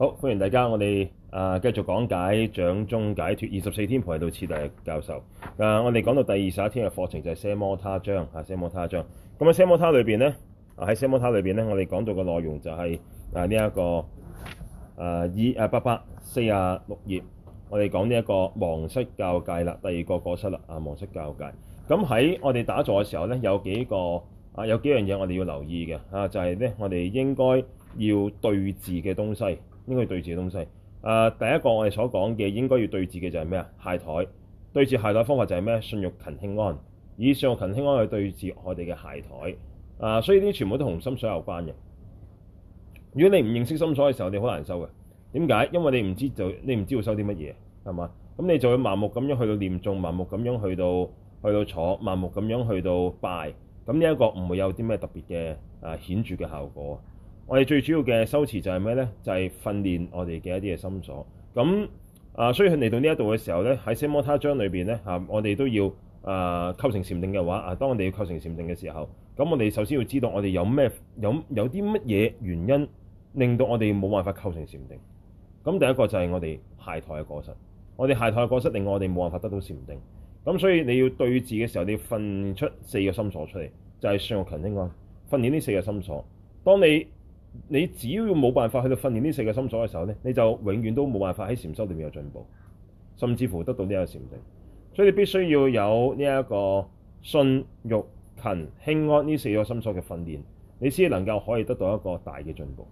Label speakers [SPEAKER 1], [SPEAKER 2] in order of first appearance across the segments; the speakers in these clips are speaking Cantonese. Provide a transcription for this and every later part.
[SPEAKER 1] 好，歡迎大家。我哋啊，繼、呃、續講解掌中解脱二十四天陪，菩提道次第教授。誒、呃，我哋講到第二十一天嘅課程就係奢摩他章啊，奢摩他章。咁喺奢摩他裏邊咧，啊喺奢摩他裏邊咧，我哋講到嘅內容就係、是、啊呢一個啊二啊八八四啊六頁，我哋講呢一個忘失教授啦，第二個過失啦啊忘失教授。咁喺我哋打坐嘅時候咧，有幾個啊有幾樣嘢我哋要留意嘅啊，就係、是、咧我哋應該要對治嘅東西。應該對治嘅東西，誒、呃、第一個我哋所講嘅應該要對治嘅就係咩啊？懈怠。對治懈怠方法，就係咩？信欲勤輕安，以信欲勤輕安去對治我哋嘅懈怠，啊、呃，所以呢啲全部都同心所有關嘅。如果你唔認識心所嘅時候，你好難收嘅。點解？因為你唔知就你唔知道，知道收啲乜嘢，係嘛？咁你就會盲目咁樣去到念咒，盲目咁樣去到去到坐，盲目咁樣去到拜，咁呢一個唔會有啲咩特別嘅啊顯著嘅效果。我哋最主要嘅修持就係咩呢？就係、是、訓練我哋嘅一啲嘅心所。咁啊，所以佢嚟到呢一度嘅時候呢，喺《奢摩他章》裏邊呢，啊，我哋都要啊構成禪定嘅話啊，當我哋要構成禪定嘅時候，咁我哋首先要知道我哋有咩有有啲乜嘢原因令到我哋冇辦法構成禪定。咁第一個就係我哋懈怠嘅過失，我哋懈怠嘅過失令我哋冇辦法得到禪定。咁所以你要對治嘅時候，你要訓練出四個心所出嚟，就係信欲勤，應該訓練呢四個心所。當你你只要冇辦法去到訓練呢四個心所嘅時候呢，你就永遠都冇辦法喺禪修裏面有進步，甚至乎得到呢一個禪定。所以你必須要有呢一個信、欲、勤、輕安呢四個心所嘅訓練，你先能夠可以得到一個大嘅進步。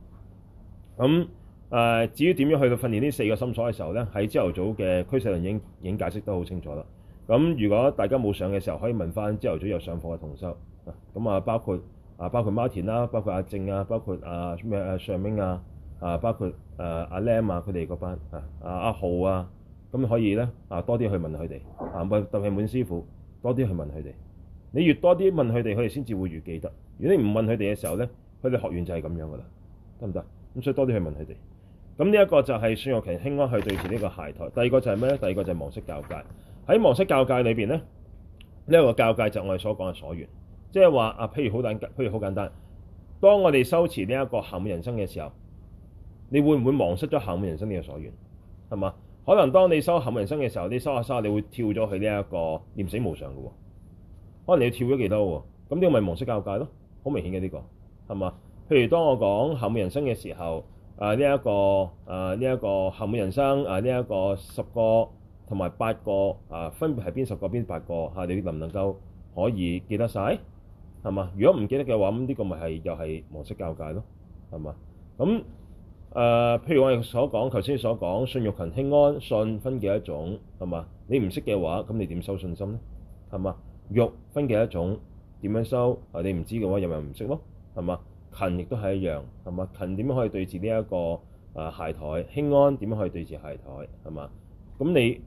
[SPEAKER 1] 咁誒、呃，至於點樣去到訓練呢四個心所嘅時候呢，喺朝頭早嘅俱舍論已經已經解釋得好清楚啦。咁如果大家冇上嘅時候，可以問翻朝頭早有上課嘅同修。咁啊，包括。啊，包括 Martin、啊、啦，包括阿正啊，包括啊咩啊尚明啊，啊包括誒阿 Lam 啊，佢哋嗰班啊，阿阿浩啊，咁、啊啊啊、可以咧，啊多啲去問佢哋，行步豆氣滿師傅，多啲去問佢哋，你越多啲問佢哋，佢哋先至會越記得。如果你唔問佢哋嘅時候咧，佢哋學完就係咁樣噶啦，得唔得？咁所以多啲去問佢哋。咁呢一個就係信欲勤輕安去對治呢個懈怠，第二個就係咩咧？第二個就係忘失教授。喺忘失教授裏邊咧，呢、這、一個教授就係我哋所講嘅所願。即係話啊，譬如好簡，譬如好簡單。當我哋修持呢一個暇滿人生嘅時候，你會唔會忘失咗暇滿人生你嘅所緣？係嘛？可能當你修暇滿人生嘅時候，你修下修下，你會跳咗去呢一個念死無常嘅喎。可能你要跳咗幾多喎？咁呢個咪忘失教授咯？好明顯嘅呢個係嘛？譬如當我講暇滿人生嘅時候，啊呢一個啊呢一個暇滿人生啊呢一個十個同埋八個啊分別係邊十個邊八個吓？你能唔能夠可以記得晒？係嘛？如果唔記得嘅話，咁呢個咪、就、係、是、又係忘失教授咯，係嘛？咁誒、呃，譬如我哋所講，頭先所講，信欲勤輕安，信分幾多種，係嘛？你唔識嘅話，咁你點收信心咧？係嘛？欲分幾多種？點樣收？你唔知嘅話，又咪唔識咯？係嘛？勤亦都係一樣，係嘛？勤點樣可以對治呢一個誒懈怠？輕安點樣可以對治懈怠？係嘛？咁你。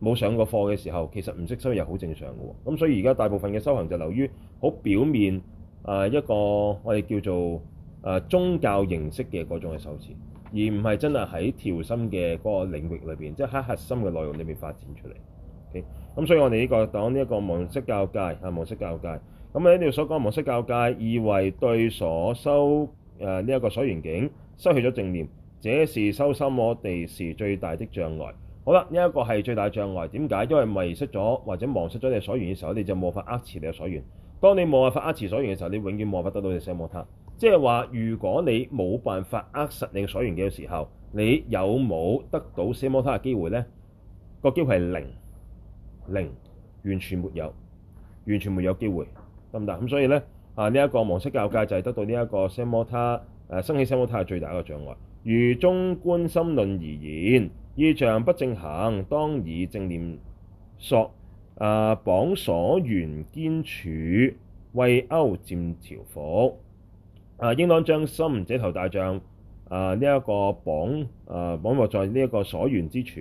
[SPEAKER 1] 冇上過課嘅時候，其實唔識修入好正常嘅喎。咁所以而家大部分嘅修行就流於好表面啊、呃、一個我哋叫做啊、呃、宗教形式嘅嗰種嘅修持，而唔係真係喺調心嘅嗰個領域裏面，即係喺核心嘅內容裏面發展出嚟。咁、okay? 所以我哋呢、這個講呢一個忘失教授啊，忘失教授。咁喺呢度所講忘失教授，意為對所修誒呢一個所緣境失去咗正念，這是修心我哋時最大的障礙。好啦，呢一個係最大障礙。點解？因為迷失咗或者忘失咗你嘅所緣嘅時候，你就冇法握持你嘅所緣。當你冇辦法握持所緣嘅時候，你永遠冇法得到你嘅三摩他。即係話，如果你冇辦法握實你嘅所緣嘅時候，你有冇得到三摩他嘅機會呢？個機會係零，零，完全沒有，完全沒有機會，得唔得？咁所以呢，啊呢一、這個忘失教，教授就係得到呢一個三摩他誒升起三摩他、呃、起三摩他最大嘅障礙。如中觀心論而言。意象不正行，當以正念索啊，綁所緣堅柱，慧鉤漸調伏。啊，應當將心這頭大象啊，呢、這、一個綁啊綁落在呢一個所緣之處。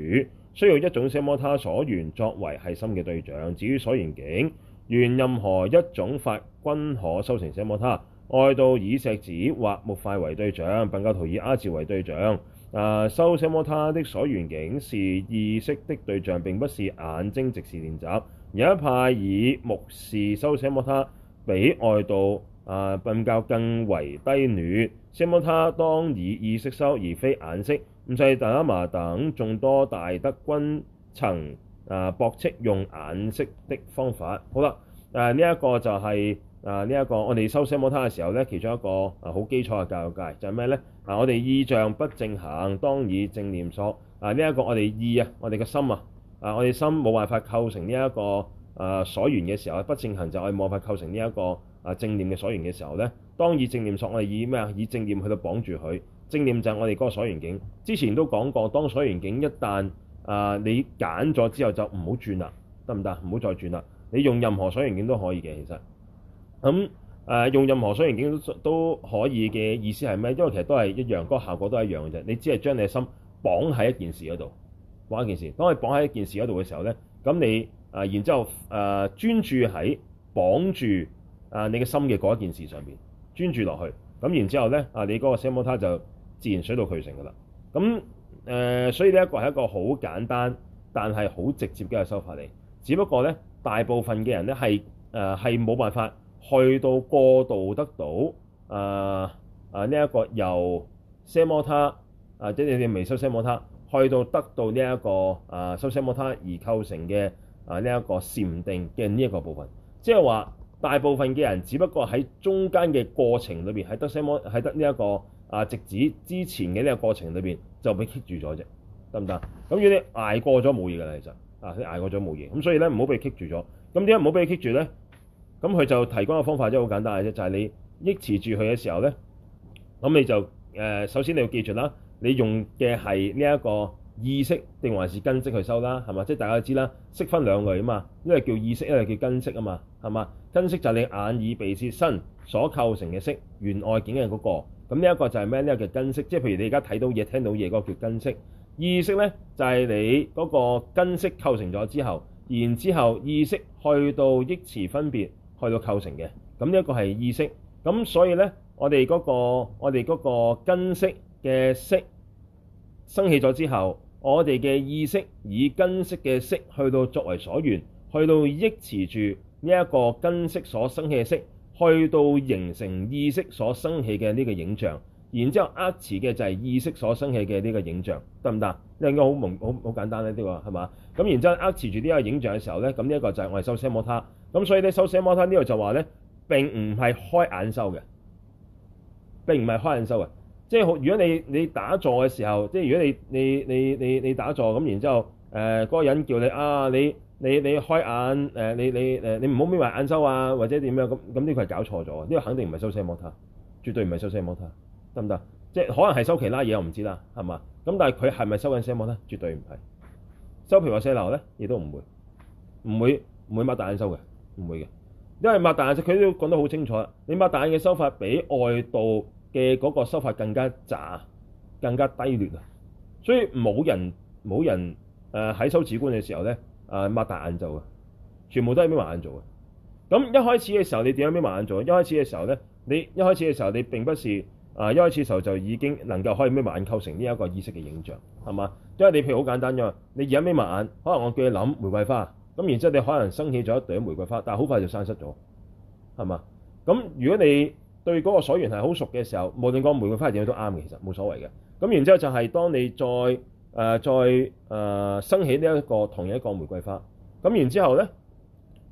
[SPEAKER 1] 需要一種奢摩他所緣作為繫心嘅對象。至於所緣境，緣任何一種法均可修成奢摩他。外道以石子或木塊為對象，苯教徒以阿字為對象。誒、啊、修奢摩他，的所緣境是意識的對象，並不是眼睛直視練習。有一派以目視修奢摩他，比外道啊、苯教更為低劣。奢摩他當以意識修，而非眼識。五世達賴喇嘛等眾多大德均曾啊駁斥用眼識的方法。好啦，誒呢一個就係、是。啊！呢、這、一個我哋修奢摩他嘅時候呢，其中一個啊好基礎嘅教育界就係、是、咩呢？啊，我哋意象不正行，當以正念索啊！呢、這、一個我哋意啊，我哋嘅心啊，啊，我哋心冇辦法構成呢、這、一個啊所緣嘅時候，不正行就我哋冇辦法構成呢、這、一個啊正念嘅所緣嘅時候呢。當以正念索，我哋以咩啊？以正念去到綁住佢。正念就係我哋嗰個所緣境。之前都講過，當所緣境一旦啊你揀咗之後就，就唔好轉啦，得唔得？唔好再轉啦。你用任何所緣境都可以嘅，其實。咁誒、呃、用任何所緣境都可以嘅意思係咩？因為其實都係一樣，個效果都係一樣嘅啫。你只係將你嘅心綁喺一件事嗰度，綁一件事。當你綁喺一件事嗰度嘅時候咧，咁你誒、呃、然之後誒專、呃、注喺綁住啊、呃、你嘅心嘅嗰一件事上邊，專注落去。咁然之後咧啊，你嗰個奢摩他就自然水到渠成噶啦。咁誒、呃，所以呢一個係一個好簡單但係好直接嘅一個修法嚟。只不過咧，大部分嘅人咧係誒係冇辦法。去到過渡得到、呃、啊啊呢一、這個由奢摩他啊即係你哋未修奢摩他，去到得到呢、這、一個啊修奢摩他而構成嘅啊呢一、這個禪定嘅呢一個部分，即係話大部分嘅人只不過喺中間嘅過程裏邊，喺得奢摩喺得呢、這、一個啊直指之前嘅呢個過程裏邊就俾棘住咗啫，得唔得？咁如果你捱過咗冇嘢㗎啦，其實啊，你捱過咗冇嘢，咁所以咧唔好俾佢棘住咗。咁點解唔好俾佢棘住咧？咁佢就提供嘅方法即係好簡單嘅啫，就係、是、你憶持住佢嘅時候咧，咁你就、呃、首先你要記住啦，你用嘅係呢一個意識定還是根識去收啦，係嘛？即係大家都知啦，識分兩類啊嘛，一係叫意識，一係叫根識啊嘛，係嘛？根識就係你眼耳鼻舌身所構成嘅色，緣外境嘅嗰個。咁呢一個就係咩呢個叫根識，即係譬如你而家睇到嘢、聽到嘢嗰、那個叫根識。意識咧就係、是、你嗰個根識構成咗之後，然後之後意識去到憶持分別。去到構成嘅，咁呢一個係意識。咁所以呢，我哋嗰、嗰個我哋嗰個根識嘅色，生起咗之後，我哋嘅意識以根識嘅色去到作為所緣，去到憶持住呢一個根識所生起嘅色，去到形成意識所生起嘅呢個影像，然之後握持嘅就係意識所生起嘅呢個影像，得唔得？應該好朦好好簡單呢呢個係嘛？咁然之後握持住呢個影像嘅時候呢，咁呢一個就係、是、我哋修奢摩咁所以咧，修奢摩他呢度就話咧，並唔係開眼修嘅，並唔係開眼修嘅。即係好，如果你你打坐嘅時候，即係如果你你你你你打坐咁，然之後誒嗰、呃嗰個人叫你啊，你你你開眼，誒、呃、你你誒你唔好眯埋眼修啊，或者點樣咁咁呢？佢係搞錯咗呢、呢個肯定唔係修奢摩他，絕對唔係修奢摩他，得唔得？即係可能係修其他嘢，我唔知啦，係嘛？咁但係佢係咪修緊奢摩他？絕對唔係收皮或聲流咧，亦都唔會，唔會唔會擘大眼修嘅。唔會嘅，因為擘大眼佢都講得好清楚，你擘大眼嘅手法比外道嘅嗰個手法更加渣，更加低劣啊！所以冇人冇人誒喺修止觀嘅時候咧，誒、呃、擘大眼做嘅，全部都係咩眼做嘅？咁一開始嘅時候你點樣咩眼做？一開始嘅時候咧，你一開始嘅時候你並不是誒、呃、一開始嘅時候就已經能夠可以咩眼構成呢一個意識嘅影像係嘛？因為、就是、你譬如好簡單嘛，你而家咩眼，可能我叫你諗玫瑰花。咁然之後，你可能生起咗一朵玫瑰花，但好快就散失咗，係嘛？咁如果你對嗰個所緣係好熟嘅時候，無論個玫瑰花點樣都啱嘅，其實冇所謂嘅。咁然之後就係當你再誒、呃、再誒、呃、生起呢一個同樣一個玫瑰花，咁然之後呢，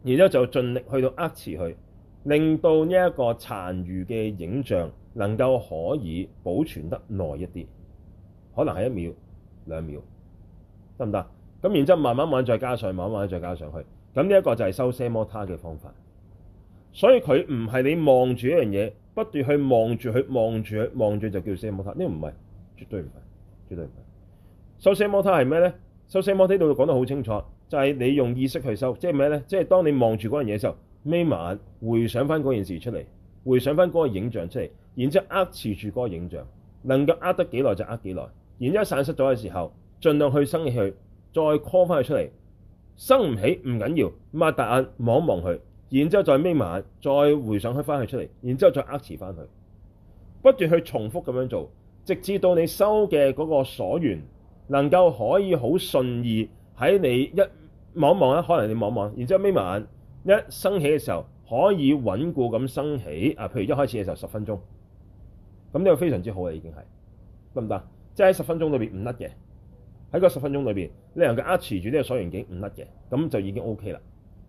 [SPEAKER 1] 然之後就盡力去到扼持佢，令到呢一個殘餘嘅影像能夠可以保存得耐一啲，可能係一秒兩秒，得唔得？咁然之後，慢慢慢再加上，慢慢慢再加上去。咁呢一個就係修奢摩他嘅方法。所以佢唔係你望住一樣嘢，不斷去望住佢，望住佢，望住就叫奢摩他。呢個唔係，絕對唔係，絕對唔係。修奢摩他係咩呢？修奢摩他呢度講得好清楚，就係、是、你用意識去修，即係咩呢？即係當你望住嗰樣嘢嘅時候，眯埋回想翻嗰件事出嚟，回想翻嗰個影像出嚟，然之後扼持住嗰個影像，能夠扼得幾耐就扼幾耐。然之後散失咗嘅時候，儘量去生起去。再 call 翻佢出嚟，生唔起唔緊要，擘大眼望一望佢，然之後再眯埋眼，再回上去翻佢出嚟，然之後再握持翻佢，不斷去重複咁樣做，直至到你收嘅嗰個所緣能夠可以好順意喺你一望一望咧，可能你望一望，然之後眯埋眼一生起嘅時候可以穩固咁生起，啊，譬如一開始嘅時候十分鐘，咁呢個非常之好嘅，已經係得唔得？即係喺十分鐘裏邊唔甩嘅。喺嗰十分鐘裏邊，你能夠扼住呢個所緣境，唔甩嘅，咁就已經 OK 啦。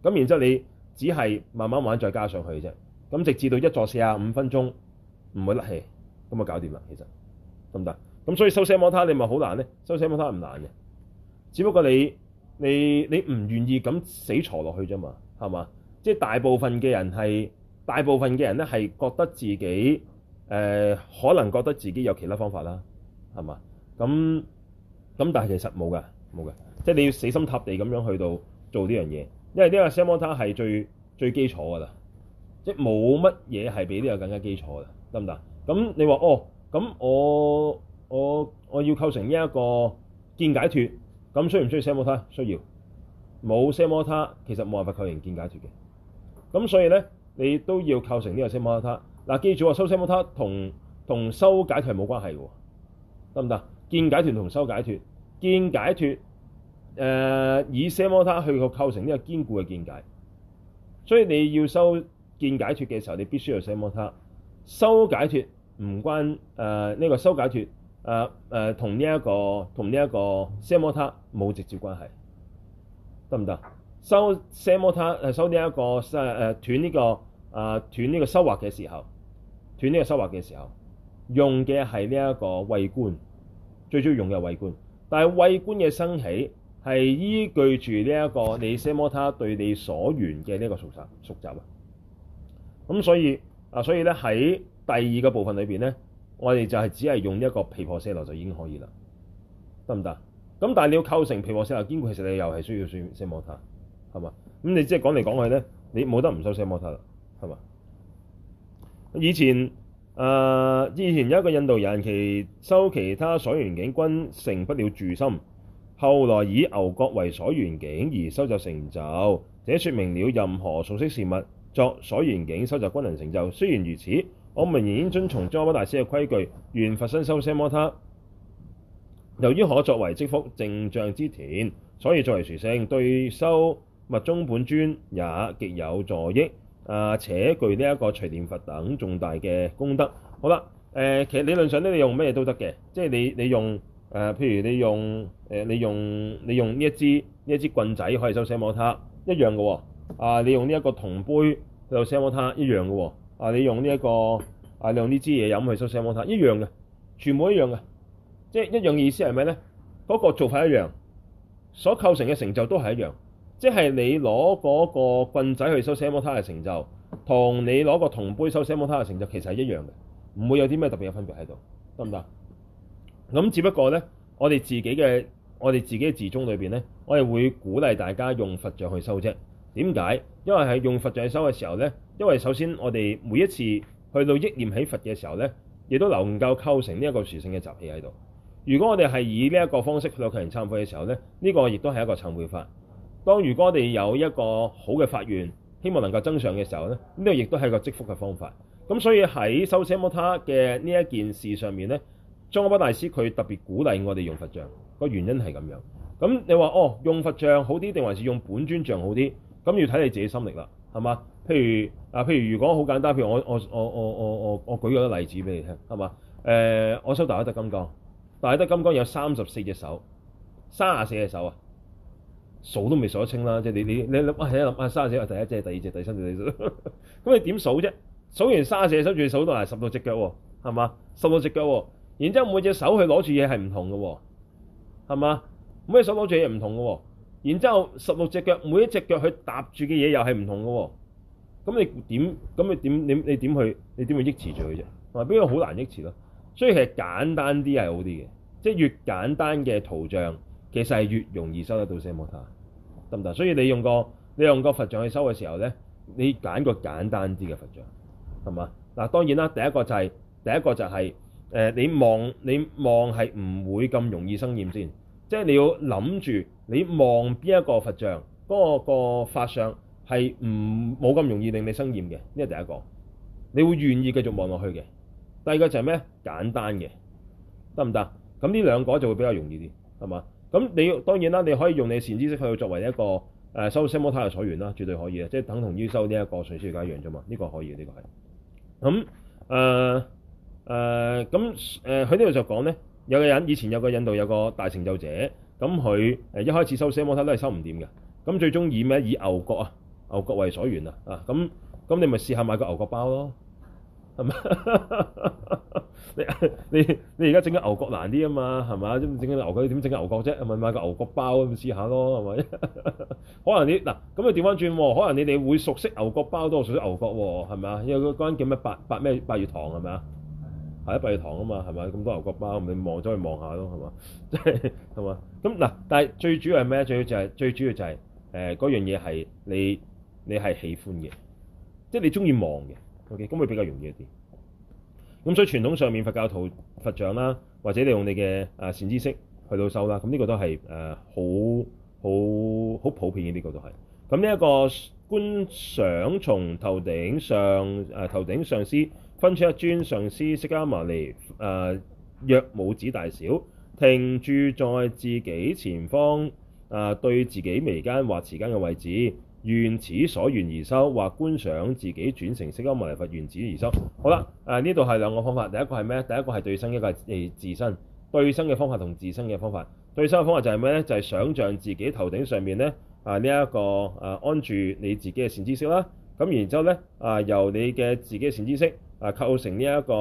[SPEAKER 1] 咁然之後你只係慢慢玩，再加上去啫。咁直至到一坐四十五分鐘唔會甩氣，咁就搞掂啦。其實得唔得？咁所以修奢摩他你咪好難呢？修奢摩他唔難嘅，只不過你你你唔願意咁死坐落去啫嘛，係嘛？即係大部分嘅人係，大部分嘅人呢係覺得自己誒、呃、可能覺得自己有其他方法啦，係嘛？咁。咁但係其實冇㗎，冇㗎。即係你要死心塌地咁樣去到做呢樣嘢，因為呢個奢摩他係最最基礎㗎啦，即係冇乜嘢係比呢個更加基礎㗎，得唔得？咁你話哦，咁我我我要構成呢一個見解脱，咁需唔需要奢摩他？需要，冇奢摩他其實冇辦法構成見解脱嘅，咁所以呢，你都要構成呢個奢摩他。嗱，記住話，修奢摩他同同修解脫係冇關係嘅，得唔得？見解脱同修解脱，見解脱、呃、以 samatha 去構成呢個堅固嘅見解，所以你要修見解脱嘅時候，你必須要 samatha。修解脱唔關誒呢、呃這個修解脱誒誒同呢一個同呢一個 samatha 冇直接關係，得唔得？修 samatha 係修呢一個誒誒斷呢個啊斷呢個修畫嘅時候，斷呢個修畫嘅時候用嘅係呢一個慧觀。最中意用嘅係慧觀，但係慧觀嘅生起係依據住呢一個你奢摩他對你所緣嘅呢個熟習熟習啊。咁所以啊，所以咧喺第二個部分裏邊咧，我哋就係只係用一個毗缽舍那就已經可以啦，得唔得？咁但係你要構成毗缽舍那，其實你又係需要算奢摩他係嘛？咁你即係講嚟講去咧，你冇得唔收奢摩他啦，係嘛？以前。誒，uh, 以前有一個印度人，其收其他所緣境均成不了住心。後來以牛角為所緣境而收集成就，這說明了任何素式事物作所緣境收集均能成就。雖然如此，我仍然遵從張寶大師嘅規矩，願佛身修聲摩他。由於可作為積福正障之田，所以作為殊修對修物中本尊也極有助益。啊！且具呢一個隨念佛等重大嘅功德。好啦，誒、呃，其實理論上咧，你用咩嘢都得嘅。即係你，你用誒、呃，譬如你用、呃、你用你用呢一支呢一支棍仔可以修奢摩他一樣嘅喎、哦。啊，你用呢一個銅杯去修奢摩他一樣嘅喎、哦。啊，你用呢、這、一個啊，你用呢支嘢飲去修奢摩他一樣嘅，全部一樣嘅。即係一樣意思係咩咧？嗰、那個做法一樣，所構成嘅成就都係一樣。即係你攞嗰個棍仔去修奢摩他嘅成就，同你攞個銅杯修奢摩他嘅成就其實係一樣嘅，唔會有啲咩特別嘅分別喺度，得唔得？咁只不過呢，我哋自己嘅我哋自己嘅自宗裏面呢，我哋會鼓勵大家用佛像去修啫。點解？因為係用佛像去修嘅時候呢，因為首先我哋每一次去到憶念起佛嘅時候呢，亦都能夠構成呢一個殊勝嘅習氣喺度。如果我哋係以呢一個方式去到強人參拜嘅時候呢，呢、這個亦都係一個參拜法。當如果我哋有一個好嘅法願，希望能夠增上嘅時候咧，呢度亦都係一個積福嘅方法。咁所以喺修奢摩他嘅呢一件事上面咧，宗喀巴大師佢特別鼓勵我哋用佛像，個原因係咁樣。咁你話哦，用佛像好啲定還是用本尊像好啲？咁要睇你自己心力啦，係嘛？譬如啊，譬如如果好簡單，譬如我我我我我我我舉個例子俾你聽，係嘛？誒、呃，我修大德金剛，大德金剛有三十四隻手，三十四隻手啊！數都未數得清啦，即係你你你諗啊，一諗啊三十四啊第一隻、第隻、第二隻、第三隻、第四隻，咁你點數啫？數完三十四，數住數到係十六隻腳喎，係嘛？十六隻腳喎，然之後每隻手去攞住嘢係唔同嘅喎，係嘛？每隻手攞住嘢唔同嘅喎，然之後十六隻腳每一隻腳去搭住嘅嘢又係唔同嘅喎，咁你點咁你點你你點去你點去憶持住佢啫？同埋邊個好難憶持咯，所以其實簡單啲係好啲嘅，即係越簡單嘅圖像其實係越容易收得到奢摩他。得唔得？所以你用個你用個佛像去修嘅時候咧，你揀個簡單啲嘅佛像，係嘛？嗱，當然啦，第一個就係、是、第一個就係、是、誒、呃，你望你望係唔會咁容易生厭先，即、就、係、是、你要諗住你望邊一個佛像，嗰、那個那個法相係唔冇咁容易令你生厭嘅，呢係第一個。你會願意繼續望落去嘅。第二個就係咩？簡單嘅，得唔得？咁呢兩個就會比較容易啲，係嘛？咁你要當然啦，你可以用你嘅善知識去作為一個誒修奢摩他嘅所緣啦，絕對可以啊，即係等同於修呢一個水，資財一樣啫嘛，呢個可以這個，呢個係。咁誒誒，咁誒佢呢度就講咧，有個人以前有個印度有個大成就者，咁佢誒一開始修奢摩他都係修唔掂嘅，咁最終以咩以牛角啊牛角為所緣啊，啊咁咁你咪試下買個牛角包咯。係咪是？ 你你你而家整緊牛角難啲啊嘛，係嘛？整緊牛角，你點整緊牛角啫？唔係買個牛角包咁試下咯，係咪？ 可能你嗱咁啊調翻轉，可能你哋會熟悉牛角包多，熟悉牛角喎，係咪啊？因為嗰間叫咩八八咩八月堂，係咪啊？係啊，八月堂啊嘛，係咪？咁多牛角包，你望咗去望下咯，係咪？係嘛？咁嗱， 但係最主要係咩？最要就係最主要就係誒嗰樣嘢，係你你係喜歡嘅，即係你中意望嘅。OK，咁會比較容易一啲。咁所以傳統上面佛教徒佛像啦，或者你用你嘅誒善知識去到修啦，咁呢個都係誒好好好普遍嘅，呢、呢個都係。咁呢一個觀想從頭頂上誒、啊、頭頂上師分出一尊上師釋迦牟尼誒約拇指大小，停住在自己前方啊，對自己眉間或臍間嘅位置。緣此所緣而修，或觀想自己轉成釋迦牟尼佛緣此而修。好啦，誒呢度係兩個方法，第一個係咩？第一個係對生一個係自自身對生嘅方法同自身嘅方法。對生嘅方法就係咩咧？就係、是、想象自己頭頂上面咧啊呢一、這個啊安住你自己嘅善知識啦，咁、啊、然之後呢，啊由你嘅自己嘅善知識啊構成呢、這、一個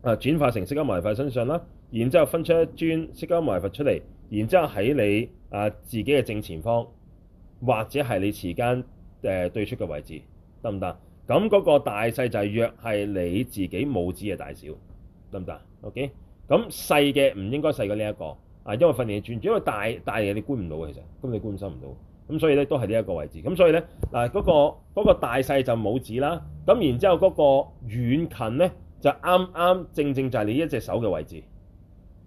[SPEAKER 1] 啊轉化成釋迦牟尼佛身上啦，然之後分出一尊釋迦牟尼佛出嚟，然之後喺你啊自己嘅正前方。或者係你臍間誒對出嘅位置得唔得？咁嗰個大細就係約係你自己拇指嘅大小，得唔得？OK，咁細嘅唔應該細過呢、這、一個啊，因為訓練嘅轉轉，因為大大嘅你觀唔到嘅其實，咁你觀心唔到，咁所以咧都係呢一個位置。咁所以咧嗱，嗰、那個那個大細就拇指啦。咁然之後嗰個遠近咧就啱啱正正就係你一隻手嘅位置，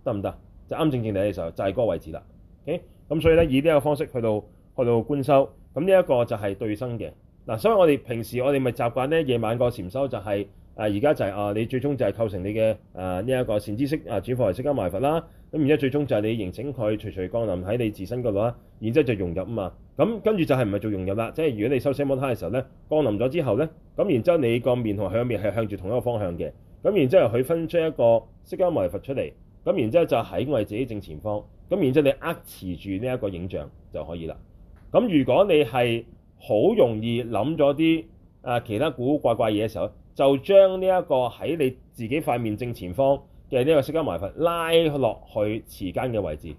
[SPEAKER 1] 得唔得？就啱正正你一隻手就係、是、嗰個位置啦。OK，咁所以咧以呢個方式去到。去到觀修，咁呢一個就係對生嘅嗱，所以我哋平時我哋咪習慣咧夜晚個禪修就係誒而家就係啊，你最終就係構成你嘅誒呢一個善知識啊，主佛嚟釋迦牟尼佛啦。咁然之後最終就係你形成佢徐徐降臨喺你自身嗰度啦，然之後就融入啊嘛。咁跟住就係唔係做融入啦？即係如果你修奢摩他嘅時候咧，降臨咗之後咧，咁然之後你個面同佢個面係向住同一個方向嘅。咁然之後佢分出一個釋迦牟尼佛出嚟，咁然之後就喺我哋自己正前方。咁然之後你握持住呢一個影像就可以啦。咁如果你係好容易諗咗啲啊其他古怪怪嘢嘅時候，就將呢一個喺你自己塊面正前方嘅呢個眉間埋瞓拉落去臍間嘅位置，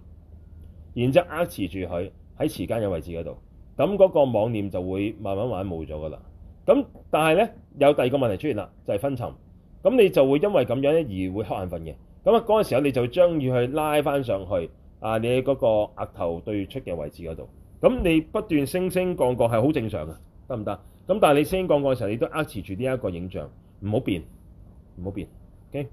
[SPEAKER 1] 然之後壓持住佢喺臍間嘅位置嗰度，咁嗰個妄念就會慢慢慢冇咗噶啦。咁但係呢，有第二個問題出現啦，就係昏沉。咁你就會因為咁樣而會瞌眼瞓嘅。咁啊嗰陣時候你就將要佢拉翻上去啊，你嗰個額頭對出嘅位置嗰度。咁你不斷升升降降係好正常嘅，得唔得？咁但係你升升降降嘅時候，你都扼持住呢一個影像，唔好變，唔好變，OK？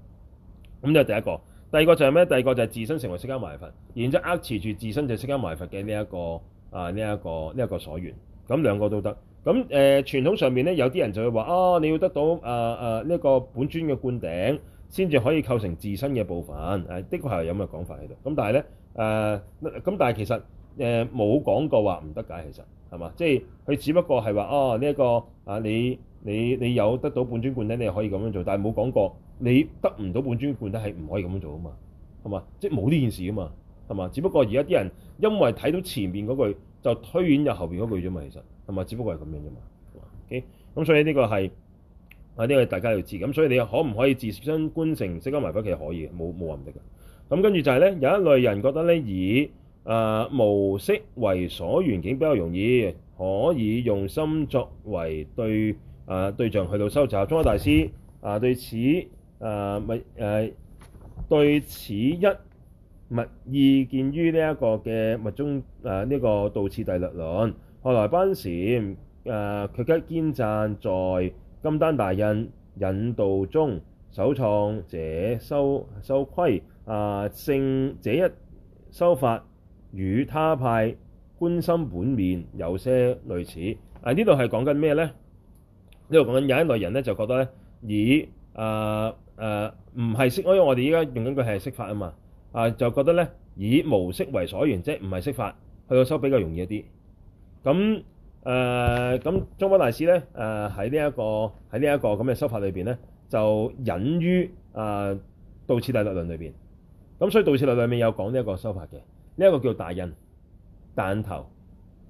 [SPEAKER 1] 咁就第一個。第二個就係咩？第二個就係自身成為釋迦埋佛，然之後扼持住自身就釋迦埋佛嘅呢一個啊呢一個呢一個所緣，咁兩個都得。咁、呃、傳統上面咧，有啲人就會話啊，你要得到啊啊呢個本尊嘅灌頂，先至可以構成自身嘅部分。誒，的確係有咁嘅講法喺度。咁但係咧誒咁，啊、但係其實。誒冇講過話唔得解，其實係嘛？即係佢只不過係話哦，呢一個啊，你你你有得到本尊灌頂，你可以咁樣做，但係冇講過你得唔到本尊灌頂係唔可以咁樣做啊嘛？係嘛？即係冇呢件事啊嘛？係嘛？只不過而家啲人因為睇到前面嗰句，就推遠入後面嗰句啫嘛，其實係嘛？只不過係咁樣啫嘛。OK，咁所以呢個係啊，呢個大家要知。咁所以你可唔可以自身觀成釋迦埋北？其實可以嘅，冇冇話唔得嘅。咁跟住就係咧，有一類人覺得咧誒、呃、無色為所緣境比較容易，可以用心作為對、呃、對象去到收集。中華大師啊、呃，對此物、呃呃、此一密意見於呢一個嘅物呢道次第略論。後來班禪誒卻吉堅贊在甘丹大印引導中首創者修修規啊、呃，性者一修法。與他派觀心本面有些類似，啊，這裏是講什麼，呢度係講緊咩咧？呢度講緊有一類人咧、呃呃啊，就覺得咧以啊啊唔係色，因為我哋依家用緊佢係色法啊嘛，啊就覺得咧以無色為所緣，即係唔係色法去到修比較容易一啲。咁誒咁宗喀巴大師咧誒喺呢一、呃這個喺呢一個咁嘅修法裏邊咧，就隱於誒《道次第略論》裏邊。咁所以《道次第略論》裏面有講呢一個修法嘅。呢一個叫大印、大印頭，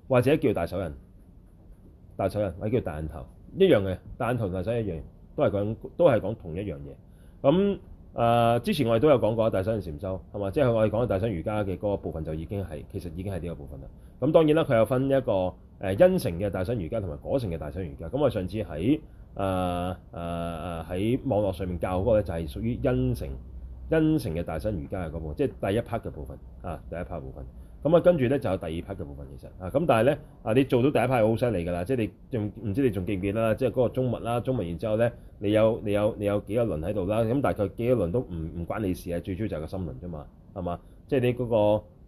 [SPEAKER 1] 或者叫大手印、大手印，或者叫大印頭，一樣嘅，大印頭同大手印一樣，都係講都係講同一樣嘢。咁誒、呃，之前我哋都有講過大手印禪修，係嘛？即係我哋講大手瑜伽嘅嗰個部分就已經係其實已經係呢個部分啦。咁當然啦，佢有分一個誒，因、呃、成嘅大手瑜伽同埋果成嘅大手瑜伽。咁我上次喺誒誒誒喺網絡上面教嗰個咧，就係屬於恩成。恩成嘅大身瑜伽係嗰個，即係第一 part 嘅部分啊，第一 part 的部分。咁啊，跟住咧就有第二 part 嘅部分，其實啊，咁但係咧啊，你做到第一 part 好犀利㗎啦，即係你仲唔知道你仲記唔記得啦？即係嗰個中脈啦，中脈。然之後咧，你有你有你有幾多輪喺度啦？咁大概幾多輪都唔唔關你事啊，最主要就係個心輪啫嘛，係嘛？即係你嗰、嗰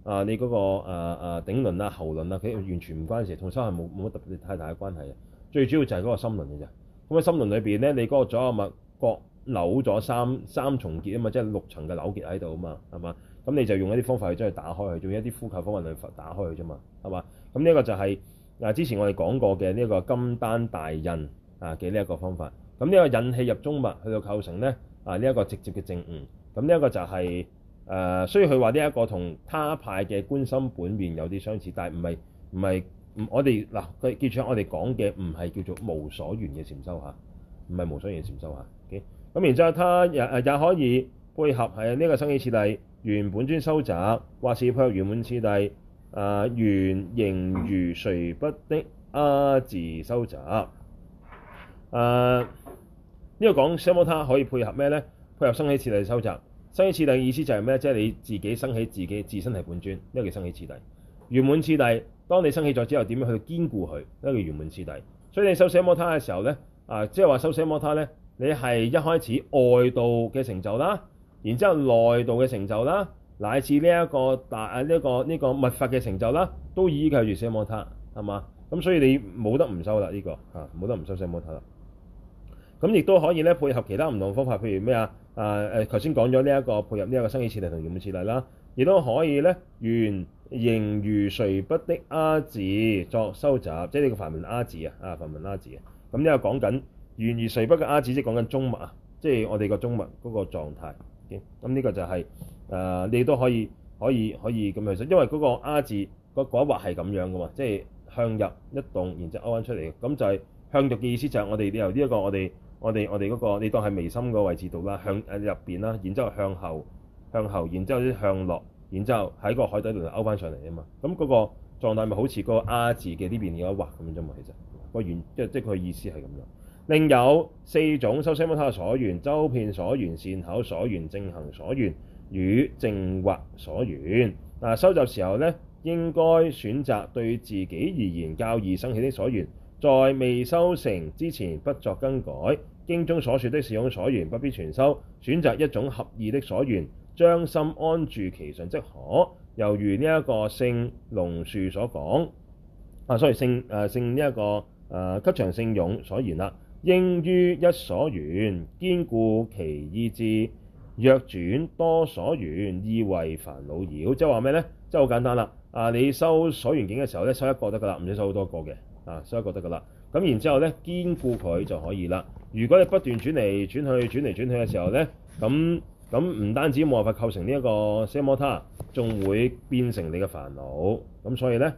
[SPEAKER 1] 個啊，你嗰、嗰個啊啊頂輪啊喉輪啊，佢完全唔關事，同修行冇冇乜特別太大嘅關係啊。最主要就係嗰個心輪嘅啫。咁喺心輪裏邊咧，你嗰個左右脈角。扭咗三三重結啊嘛，即係六層嘅扭結喺度啊嘛，係嘛？咁你就用一啲方法去將佢打開，仲要一啲呼吸方法去打開佢啫嘛，係嘛？咁呢個個就係、是、嗱、啊，之前我哋講過嘅呢個個甘丹大印啊嘅呢一個方法。咁呢個引氣入中脈去到構成咧啊，呢、這、一個直接嘅證悟。咁呢一個就係、是、誒，所以佢話呢一個同他派嘅觀心本面有啲相似，但係唔係唔係我哋嗱佢記住我哋講嘅唔係叫做無所緣嘅禪修下唔係無所緣嘅禪修下。o、okay? k 咁然之後，他也也可以配合係呢個生起次第，緣本尊修習，或是配合圓滿次第，誒、呃、緣形如垂筆的阿字修習。誒、呃、呢、這個講奢摩他可以配合咩咧？配合生起次第修習，生起次第意思就係咩？即係你自己生起自己自身係本尊，呢、這個叫生起次第。圓滿次第，當你生起咗之後，點樣去堅固佢？呢、這個叫圓滿次第。所以你修奢摩他嘅時候咧，啊、呃，即係話修奢摩他咧。你係一開始外道嘅成就啦，然之後內道嘅成就啦，乃至呢、這、一個大啊呢個呢、這個密、這個、法嘅成就啦，都依靠住奢摩他，係嘛？咁所以你冇得唔修啦呢個嚇，冇得唔修奢摩他啦。咁亦都可以咧配合其他唔同方法，譬如咩啊啊誒頭先講咗呢一個配合呢一個生起次第同圓滿次第啦，亦都可以咧緣形如垂筆的阿字作收集，即係呢個梵文阿字啊啊梵文阿字啊，咁呢個講緊。圓而垂筆嘅阿、啊、字，即係講緊中脈啊，即、就、係、是、我哋個中脈嗰個狀態。咁、嗯、呢個就係、是、誒、呃，你都可以可以可以咁樣，因為嗰個阿、啊、字嗰一劃係咁樣嘅嘛，即、就、係、是、向入一動，然之後勾翻出嚟嘅。咁就係向入嘅意思就是我們，就係、這個、我哋由呢一個我哋我哋我哋嗰個，你當係眉心個位置度啦，向誒入邊啦，然之後向後向後，然之後再向落，然之後喺個海底度勾翻上嚟啊嘛。咁嗰個狀態咪好似個阿、啊、字嘅呢邊嘅一劃咁樣啫嘛，其、那、實個圓即係即係佢意思係咁樣。另有四種修奢摩他所緣：周遍所緣、善巧所緣、淨行所緣、與淨惑所緣。嗱，修習時候咧，應該選擇對自己而言較易生起的所緣，在未修成之前不作更改。經中所說的四種所緣不必全修，選擇一種合意的所緣，將心安住其上即可。由於呢一個聖龍樹所講，啊，所以聖呢一個吉祥、呃、聖，聖，聖勇所言啦。應於一所緣，堅固其意志，若轉多所緣，意馬煩惱擾。即係話咩呢？即係好簡單啦！啊，你收所緣境嘅時候咧，收一個得噶啦，唔使收好多個嘅啊，收一個得噶啦。咁然之後呢，堅固佢就可以啦。如果你不斷轉嚟轉去、轉嚟轉去嘅時候呢，咁咁唔單止冇辦法構成呢一個奢摩他，仲會變成你嘅煩惱。咁所以呢，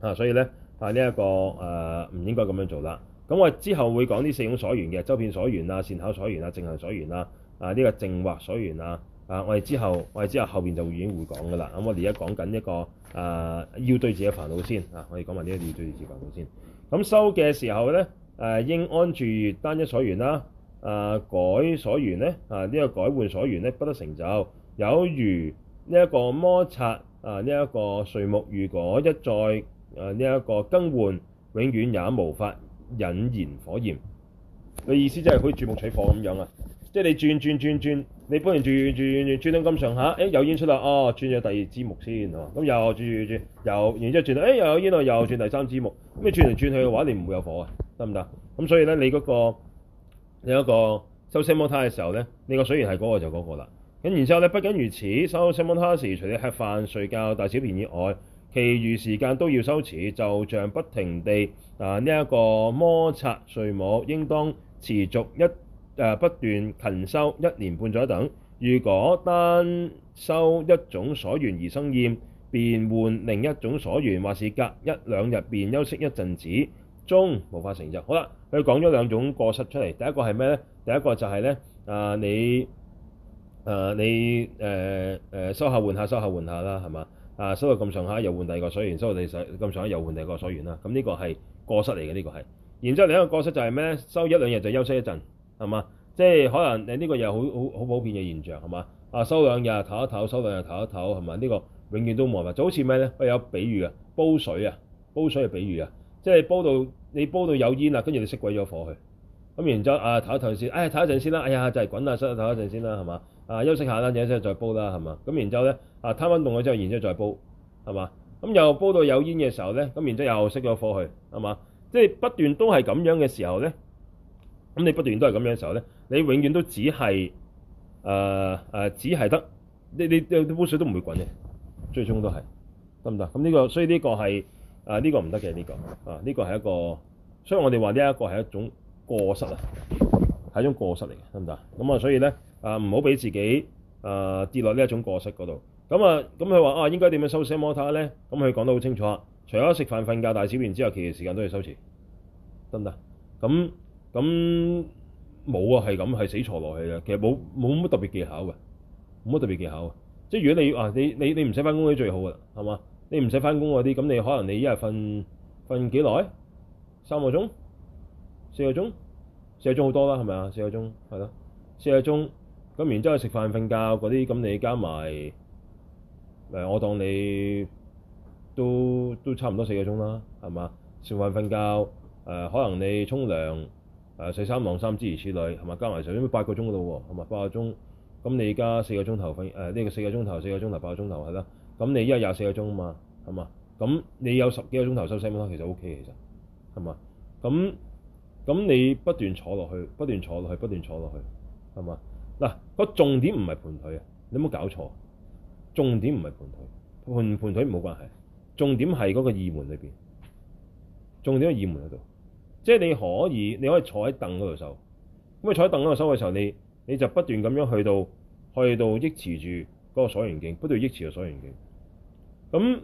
[SPEAKER 1] 啊，所以呢，係呢一個誒，唔、呃、應該咁樣做啦。咁我之後會講啲四種所緣嘅周遍所緣啦、善巧所緣啦、淨行所緣啦，啊呢、這個淨惑所緣啦。啊，我哋之後我哋之後後邊就會已經會講噶啦。咁、啊、我哋而家講緊一個啊，要對治嘅煩惱先啊，我哋講埋呢一要對治煩惱先。咁修嘅時候咧，誒、啊、應安住單一所緣啦。啊，改所緣咧，啊呢、這個改換所緣咧不得成就。有如呢一個摩擦啊，呢、這、一個燧木如果一再誒呢一個更換永遠也無法引燃火焰，佢意思即係好似鑽木取火咁樣啊！即係你轉轉轉轉，你幫人轉轉轉轉,轉到咁上下，誒、欸、有煙出嚟，哦轉咗第二支木先，咁、啊、又轉轉轉，又然之後轉到誒、欸、又有煙咯，又轉第三支木。咁你轉嚟轉去嘅話，你唔會有火啊，得唔得？咁所以咧，你嗰、那個有一個奢摩他嘅時候咧，你個水源係嗰個就嗰個啦。咁然之後咧，不僅如此，奢摩他時，除咗吃飯、睡覺、大小便以外，其餘時間都要修持，就像不停地啊呢一，這個摩擦燧木，應當持續一、呃、不斷勤修，一年半載等。如果單修一種所緣而生厭，便換另一種所緣，或是隔一兩日便休息一陣子，終無法成就。好啦，佢講咗兩種過失出嚟，第一個係咩呢？第一個就係、是、呢，啊、呃、你你、呃呃、收下換下，收下換下啦，係嘛？啊，收到咁上下又換第二個水源，收到你咁上下又換第二個水源啦。咁呢個係過失嚟嘅，呢個係。然之後另一個過失就係咩？收一兩日就休息一陣，係嘛？即係可能你呢個又好好好普遍嘅現象係嘛？啊，收兩日唞一唞，收兩日唞一唞，係嘛？呢個永遠都冇辦法，就好似咩咧？我有比喻嘅，煲水啊，煲水嘅比喻啊，即係煲到你煲到有煙啦，跟住你熄鬼咗火去。咁然之後啊，唞一唞先，哎呀，唞一陣先啦，哎呀，就係滾啊，唞一唞一陣先啦，係嘛？啊，休息下啦，休息再煲啦，係嘛？咁然之後咧，啊，攤溫凍咗之後，然之後再煲，係嘛？咁又煲到有煙嘅時候咧，咁然之後又熄咗火去，係嘛？即係不斷都係咁樣嘅時候咧，咁你不斷都係咁樣嘅時候咧，你永遠都只係，誒、呃、誒、呃，只係得，你啲煲水都唔會滾嘅，最終都係得唔得？咁呢個，所以呢個係，啊呢個唔得嘅呢個，啊呢個係一個，所以我哋話呢一個係一種過失啊。係一種過失嚟嘅，得唔得？咁啊，所以咧，啊唔好俾自己啊跌落呢一種過失嗰度。咁啊，咁佢話啊，應該點樣修奢摩他咧？咁佢講得好清楚，除咗食飯、瞓覺、大小便之外，其他時間都要修持，得唔得？咁咁冇啊，係咁，係死坐落去嘅。其實冇冇乜特別技巧嘅，冇乜特別技巧啊。即係如果你話、啊、你你你唔使翻工嗰啲最好嘅啦，係嘛？你唔使翻工嗰啲，咁你可能你一日瞓瞓幾耐？三個鐘？四個鐘？四個鐘好多啦，係咪啊？四個鐘係咯，四個鐘，咁然之後食飯瞓覺嗰啲，咁你加埋誒我當你都都差唔多四個鐘啦，係嘛？食飯瞓覺誒，可能你沖涼誒洗衫晾衫諸如此類，同埋加埋就已經八個鐘度喎，係嘛？八個鐘，咁你加四個鐘頭瞓誒呢個四個鐘頭四個鐘頭八個鐘頭係啦，咁你一日廿四個鐘嘛，係嘛？咁你有十幾個鐘頭休息咧，其實 O K 其實係嘛？咁咁你不斷坐落去，不斷坐落去，不斷坐落去，係嘛？嗱，個重點唔係盤腿啊，你有冇搞錯？重點唔係盤腿，盤盤腿冇關係。重點係嗰個二門裏面，重點喺二門嗰度。即係你可以，你可以坐喺凳嗰度收。咁你坐喺凳嗰度收嘅時候，你你就不斷咁樣去到，去到益持住嗰個所緣境，不斷益持住所緣境，咁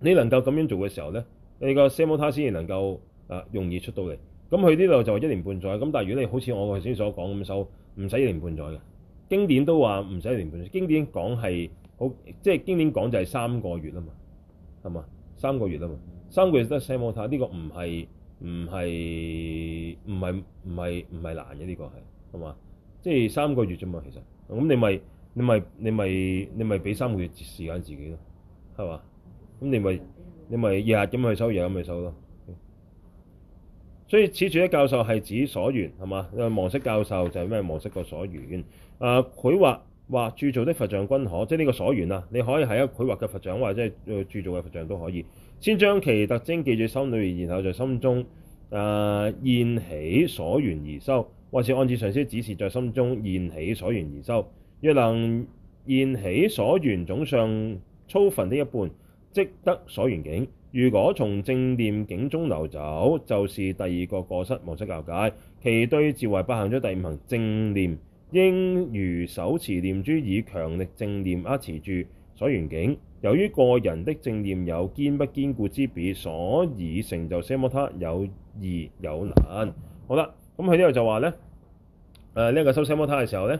[SPEAKER 1] 你能夠咁樣做嘅時候咧，你個 samatha 先至能夠啊容易出到嚟。咁佢呢度就一年半載，咁但係如果你好似我頭先所講咁收，唔使一年半載嘅，經典都話唔使一年半載，經典講係好，即係經典講就係三個月啦嘛，係嘛？三個月啦嘛，三個月都係奢摩他。呢個唔係唔係唔係唔係唔係難嘅，呢個係，係嘛？即係三個月啫嘛，其實，咁你咪你咪你咪你咪俾三個月時間自己咯，係嘛？咁你咪你咪日日咁去收，日咁去收咯。所以此處的教授係指所緣係嘛？誒，忘失教授就係咩？忘失個所緣。誒、呃，繪畫或鑄造的佛像均可，即係呢個所緣啊！你可以係一繪畫嘅佛像，或者係誒鑄造嘅佛像都可以。先將其特徵記住心裏，然後在心中誒現、呃、起所緣而修，或是按照上師指示在心中現起所緣而修。若能現起所緣總相粗分的一半，即得所緣境。如果從正念境中流走，就是第二個過失，忘失教授。其對治為八行中第五行正念，應如手持念珠，以強力正念握持住所緣境。由於個人的正念有堅不堅固之別，所以成就三摩他有易有難。好啦，咁佢呢度就話咧，誒、這、呢個修三摩他嘅時候咧，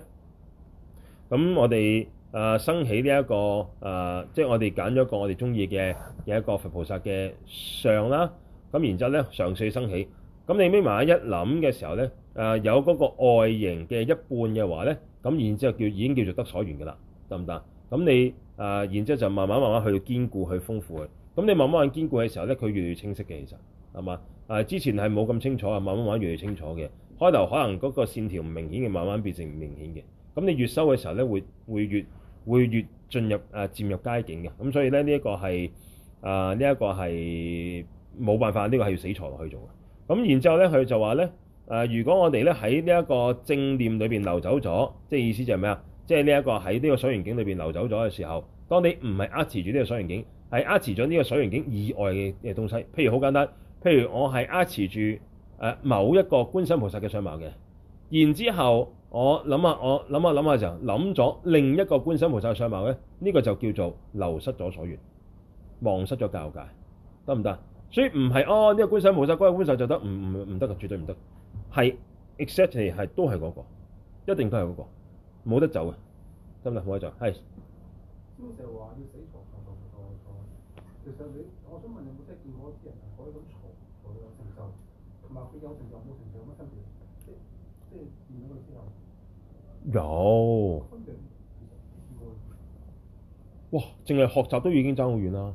[SPEAKER 1] 咁我哋。誒、呃、生起呢、這個呃、一個誒，即係我哋揀咗個我哋中意嘅嘅一個佛菩薩嘅相啦。咁然之後咧，上水生起。咁你搣埋一諗嘅時候咧，誒、呃、有嗰個外形嘅一半嘅話咧，咁然之後叫已經叫做得所緣嘅啦，得唔得？咁你誒、呃、然之後就慢慢慢慢去堅固，去豐富佢。咁你慢慢堅固嘅時候咧，佢越嚟越清晰嘅，其實係嘛？之前係冇咁清楚，慢慢慢慢越嚟越清楚嘅。開頭可能嗰個線條唔明顯嘅，慢慢變成明顯嘅。咁你越修嘅時候咧，會越會越進入啊，漸、呃、入佳境嘅。咁所以咧，呢、這、一個係呢一個係冇辦法，呢、這個係要死財落去做嘅。咁、嗯、然之後咧，佢就話咧、呃，如果我哋咧喺呢一個正念裏面流走咗，即係意思就係咩啊？即係呢一個喺呢個所緣境裏面流走咗嘅時候，當你唔係厄持住呢個所緣境，係厄持咗呢個所緣境以外嘅嘢東西，譬如好簡單，譬如我係厄持住、呃、某一個觀世音菩薩嘅相貌嘅，然之後。我諗下，我諗下諗下嘅時候諗咗另一個觀世菩薩嘅相貌咧，呢個就叫做流失咗所緣，忘失咗教授，得唔得？所以唔係哦，呢、這個觀世菩薩嗰、那個觀世就得，唔唔唔得噶絕對唔得。係 accept 係，is，都係嗰、那個，一定都係嗰、那個，冇得走嘅，得唔得？冇得走，係。咁就話要死坐坐坐坐坐，其實你，我想問你有冇即係見過啲人坐喺度坐喺度瞓覺，同埋佢有病又冇病，有乜分別？有。哇，淨係學習都已經爭好遠啦。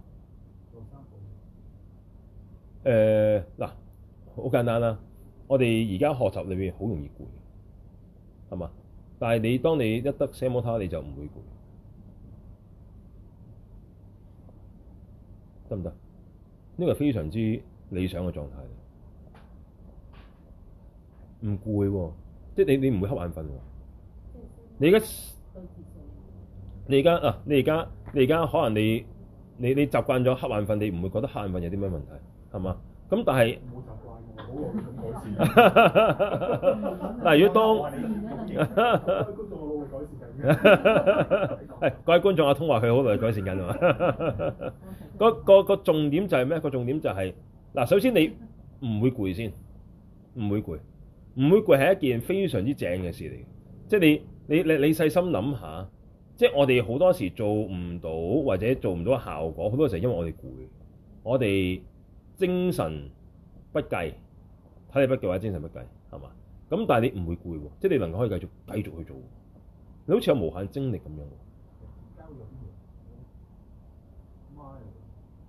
[SPEAKER 1] 誒、呃，嗱，好簡單啦。我哋而家學習裏面好容易攰，係嘛？但係你當你一得 samota，你就唔會攰，得唔得？呢個係非常之理想嘅狀態，唔攰喎。即係你你唔會瞌眼瞓喎？你而家你而家啊！你而家你而家可能你你你習慣咗瞌眼瞓，你唔會覺得瞌眼瞓有啲咩問題係嘛？咁但係但係如果當係各位觀眾阿通話佢好耐改善緊啊！嗰個個重點就係咩？個重點就係嗱，首先你唔會攰先，唔會攰。唔會攰係一件非常之正嘅事嚟嘅，即係你你你你細心諗下，即係我哋好多時做唔到或者做唔到效果，好多時候因為我哋攰，我哋精神不計，體力不計或者精神不計係嘛？咁但係你唔會攰喎，即係你能夠可以繼續繼續去做，你好似有無限精力咁樣。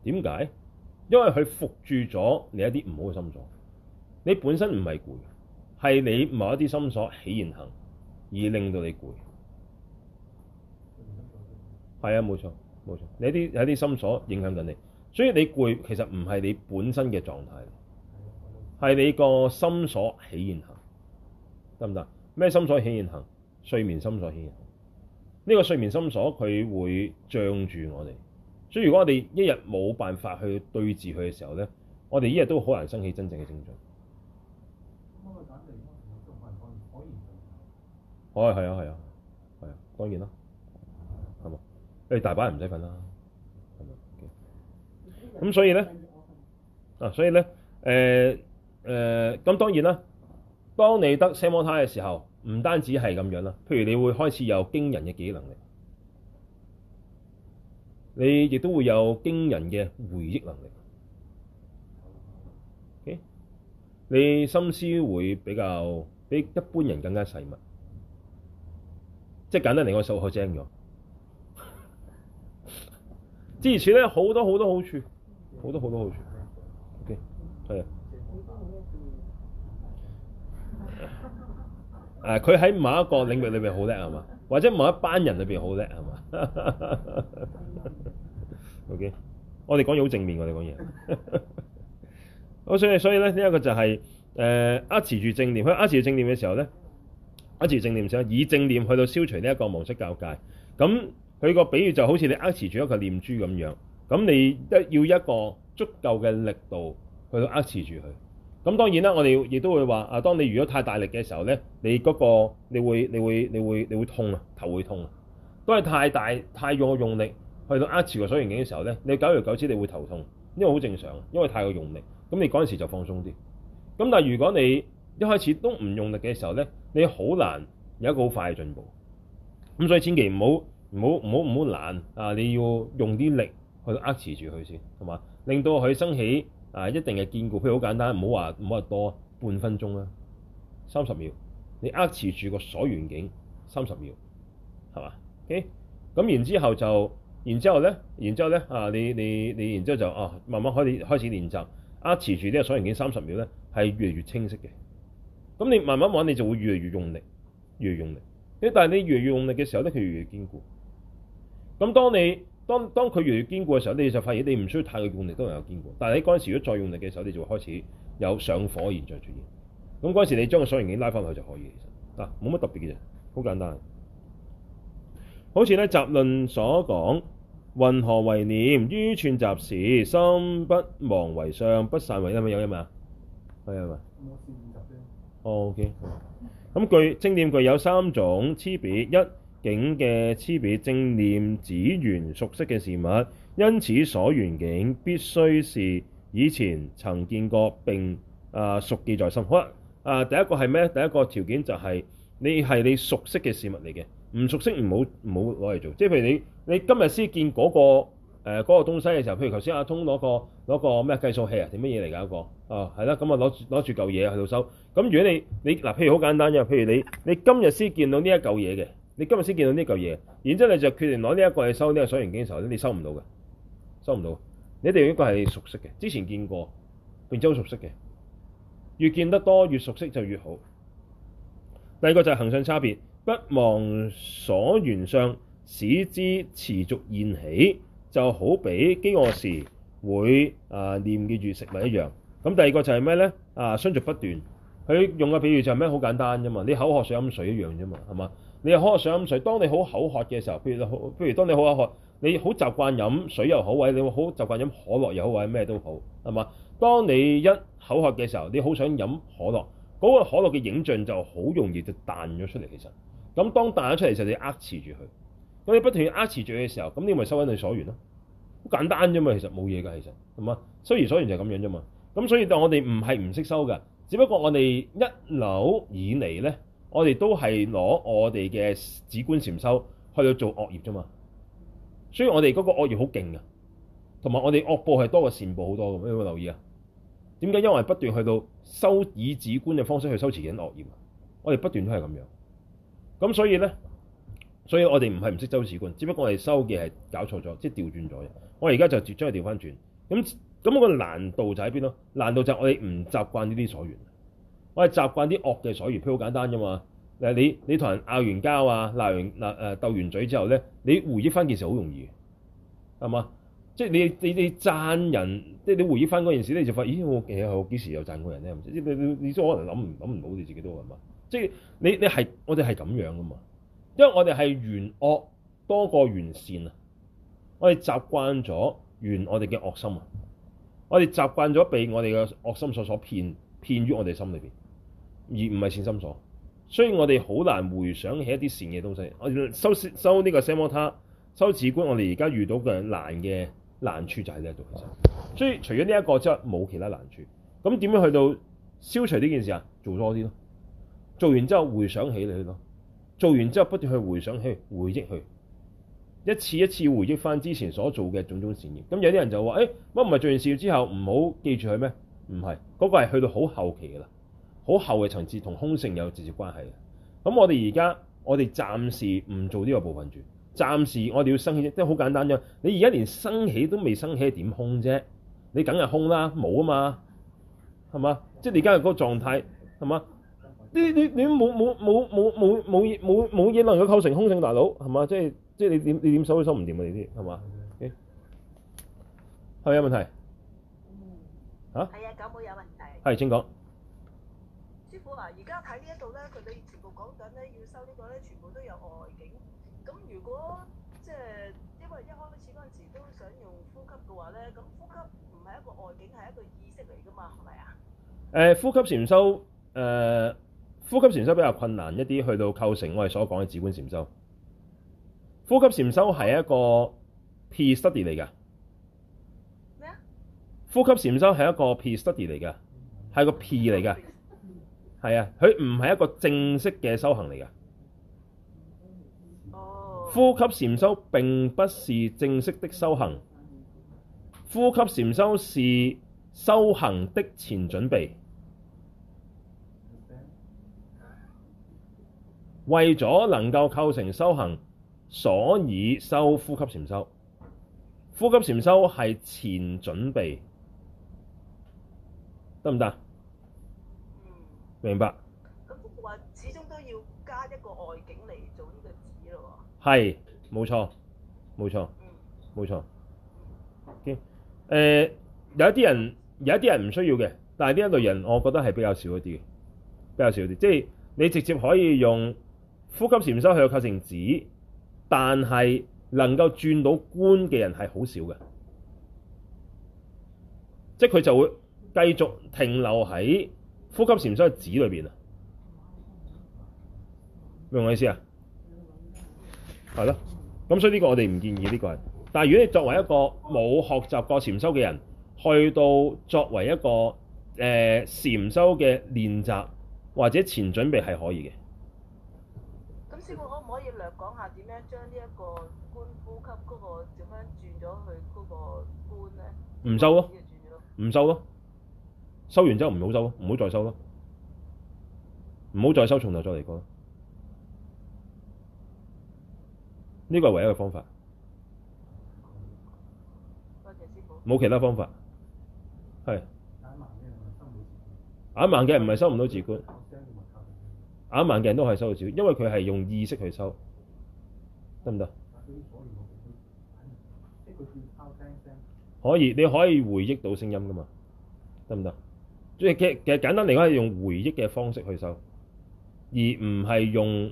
[SPEAKER 1] 點解？因為佢覆住咗你一啲唔好嘅心臟，你本身唔係攰。係你某一啲心所起現行，而令到你攰，係啊，冇錯，冇錯，你啲有啲心所影響緊你，所以你攰其實唔係你本身嘅狀態，係你個心所起現行，得唔得？咩心所起現行？睡眠心所起現行，呢個睡眠心所佢會障住我哋，所以如果我哋一日冇辦法去對治佢嘅時候咧，我哋一日都好難生起真正嘅症狀。哦，係啊係啊，係啊，啊，當然啦，係嘛？誒大把人唔使瞓啦，係咪？咁、okay. 所以咧，嗱、啊，所以咧，誒、呃、誒，咁、呃、當然啦。當你得奢摩他嘅時候，唔單止係咁樣啦。譬如你會開始有驚人嘅記憶能力，你亦都會有驚人嘅回憶能力。Okay? 你心思會比較比一般人更加細密。即係簡單嚟，我數學好精咗。支持咧，好多好多好處，好多好多好處。O K，係。誒、啊，佢喺某一個領域裏邊好叻係嘛？或者某一班人裏邊好叻係嘛？O K，我哋講嘢好正面，我哋講嘢。 好，所以所以咧，呢、這、一個就係、是、誒，持、呃、住正念。佢持住正念嘅時候咧。握持正念上，以正念去到消除呢一個忘失教授。咁佢個比喻就好似你握持住一個念珠咁樣。咁你一要一個足夠嘅力度去到握持住佢。咁當然啦，我哋亦都會話啊，當你如果太大力嘅時候咧，你嗰個你會你會你會你會，你會痛啊，頭會痛啊。都係太大太用嘅用力去到握持個所緣境嘅時候咧，你久而久之你會頭痛，因為好正常，因為太過用力。咁你嗰陣時就放鬆啲。咁但係如果你一開始都唔用力嘅時候咧，你好難有一個好快嘅進步，咁所以千祈唔好唔好唔好唔好懶啊！你要用啲力去握持住佢先，同令到佢升起啊一定嘅堅固。譬如好簡單，唔好話唔好話多，半分鐘啦，三十秒，你握持住個所緣境三十秒，係嘛？OK，咁然之後就，然之後咧，然之後咧啊，你你你然之後就、啊、慢慢開始開始練習握持住個所緣境三十秒咧，係越嚟越清晰嘅。咁你慢慢玩，你就會越嚟越用力，越嚟越用力。咁但係你越嚟越用力嘅時候咧，佢越嚟越堅固。咁當你當當佢越嚟越堅固嘅時候，你就發現你唔需要太過用力都能有堅固。但係你嗰陣時，如果再用力嘅時候，你就會開始有上火嘅現象出現。咁嗰陣時，你將個鎖零件拉翻去就可以。其實，嗱，冇乜特別嘅啫，好簡單。好似咧《集論》所講：云何為念？於串習事，心不忘為相，不散為業。係咪有啊？係啊嘛。嗯嗯嗯哦、oh，OK。咁具正念具有三種差，差比一景嘅差比正念指原熟悉嘅事物，因此所原景必須是以前曾見過並啊、呃、熟記在心。好啊、呃，第一個係咩第一個條件就係、是、你係你熟悉嘅事物嚟嘅，唔熟悉唔好唔好攞嚟做。即係譬如你你今日先見嗰、那個誒嗰、呃那個東西嘅時候，譬如頭先阿通攞、那個攞、那個咩計數器啊，定乜嘢嚟㗎嗰哦，係啦，咁啊攞住攞住嚿嘢喺度收。咁如果你你嗱，譬如好簡單嘅，譬如你你今日先見到呢一嚿嘢嘅，你今日先見到呢嚿嘢，然之後你就決定攞呢一個去收呢、這個所緣境嘅時候咧，你收唔到嘅，收唔到。你一定要一個係熟悉嘅，之前見過，然之好熟悉嘅，越見得多越熟悉就越好。第二個就係行相差別，不忘所緣相，使之持續現起，就好比飢餓時會啊、呃、念記住食物一樣。咁第二個就係咩咧？啊，相續不斷，佢用嘅譬如就係咩好簡單啫嘛。你口渴想飲水一樣啫嘛，係嘛？你又口渴想飲水，當你好口渴嘅時候，譬如好，譬如當你好口渴，你好習慣飲水又好，或者你好習慣飲可樂又好，或者咩都好，係嘛？當你一口渴嘅時候，你好想飲可樂，嗰個可樂嘅影像就好容易就彈咗出嚟。其實，咁當彈咗出嚟時候，你扼持住佢，咁你不斷扼持住嘅時候，咁你咪收緊你所緣咯。好簡單啫嘛，其實冇嘢噶，其實係嘛？收而所緣就係咁樣啫嘛。咁所以我哋唔係唔識收嘅，只不過我哋一樓以嚟咧，我哋都係攞我哋嘅指觀善收去到做惡業啫嘛。所以我哋嗰個惡業好勁嘅，同埋我哋惡報係多過善報好多嘅。你有冇留意啊？點解，因為不斷去到收以指觀嘅方式去收自己嘅惡業，我哋不斷都係咁樣。咁所以咧，所以我哋唔係唔識收指觀，只不過我哋收嘅係搞錯咗，即係調轉咗嘅。我哋而家就將佢調翻轉咁。咁嗰個難度就喺邊咯？難度就係我哋唔習慣呢啲所，所緣，我哋習慣啲惡嘅所緣，譬如好簡單啫嘛。嗱，你你同人拗完交啊、鬧完鬧誒、呃、鬥完嘴之後咧，你回憶翻件事好容易，係嘛？即、就、係、是、你你你讚人，即係你回憶翻嗰陣時咧，你，你，你就發、是、咦，我誒我幾時又讚過人咧？你你你都可能諗諗唔到你自己都係嘛？即係你你係我哋係咁樣噶嘛？因為我哋係緣惡多過緣善啊，我哋習慣咗緣我哋嘅惡心啊。我哋習慣咗被我哋嘅惡心所所騙騙於我哋心裏邊，而唔係善心所，所以我哋好難回想起一啲善嘅東西。我哋修修呢個奢摩他修止觀，我哋而家遇到嘅難嘅難處就喺呢一度。所以除咗呢一個之外，冇其他難處。咁點樣去到消除呢件事啊？做多啲咯，做完之後回想起你咯，做完之後不斷去回想起回憶去。一次一次回憶返之前所做嘅種種善業，咁有啲人就話，誒、欸，乜唔係做完善業之後唔好記住佢咩？唔係，嗰、那個係去到好後期嘅啦，好後嘅層次同空性有直接關係嘅。咁我哋而家我哋暫時唔做呢個部分住，暫時我哋要生起，即係好簡單啫。你而家連生起都未生起，點空啫？你梗係空啦，冇啊嘛，係嘛？即係你而家嗰個狀態，係嘛？啲你你冇冇冇冇冇冇冇嘢能夠構成空性大佬，係嘛？即係。即係你，你點你點收都收唔掂啊？呢啲，係嘛？係咪 Okay. 有問題？吓、嗯？係啊，九妹有問題。係，請講。師傅嗱、啊，而家睇呢一度咧，佢哋全部講緊咧，要收呢個咧，全部都有外境。咁如果即係因為一開始嗰陣時都想用呼吸嘅話咧，咁呼吸唔係一個外境，係一個意識嚟噶嘛，係咪啊？誒、呃，呼吸禪修誒，呼吸禪修比較困難一啲，去到構成我哋所講嘅止觀禪修。呼吸禪修係一個 P study 嚟㗎。咩啊？呼吸禪修係一個 P study 嚟㗎，係個 P 嚟㗎。係啊，佢唔係一個正式嘅修行嚟㗎。哦。呼吸禪修並不是正式的修行。呼吸禪修是修行的前準備。為咗能夠構成修行。所以收呼吸禪修，呼吸禪修係前準備，得唔得？嗯、明白，咁我話始終都要加一個外景嚟做呢個止咯。喎，係冇錯，冇錯，冇錯。O.K.，誒有一啲人有一啲人唔需要嘅，但係呢一類人，我覺得係比較少一啲，比較少啲。即係你直接可以用呼吸禪修去構成止。但係能夠轉到觀嘅人係好少嘅，即係佢就會繼續停留喺呼吸禪修嘅紙裏邊啊？明我意思啊？係咯、嗯，咁所以呢個我哋唔建議呢、這個。但係如果你作為一個冇學習過禪修嘅人，去到作為一個誒禪、呃、修嘅練習或者前準備係可以嘅。師傅可唔可以略講下點樣將呢一個觀呼吸嗰個點樣轉咗去嗰個官呢？唔收咯，唔收咯，收完之後唔好收咯，唔好再收咯，唔好再，再收，從頭再嚟過咯。呢個係唯一嘅方法。多謝，謝師傅。冇其他方法。係。眼盲嘅唔係收唔到字官。眼望鏡都係收少，因為佢係用意識去收，得唔得？可以，你可以回憶到聲音㗎嘛？得唔得？即係其其實簡單嚟講係用回憶嘅方式去收，而唔係用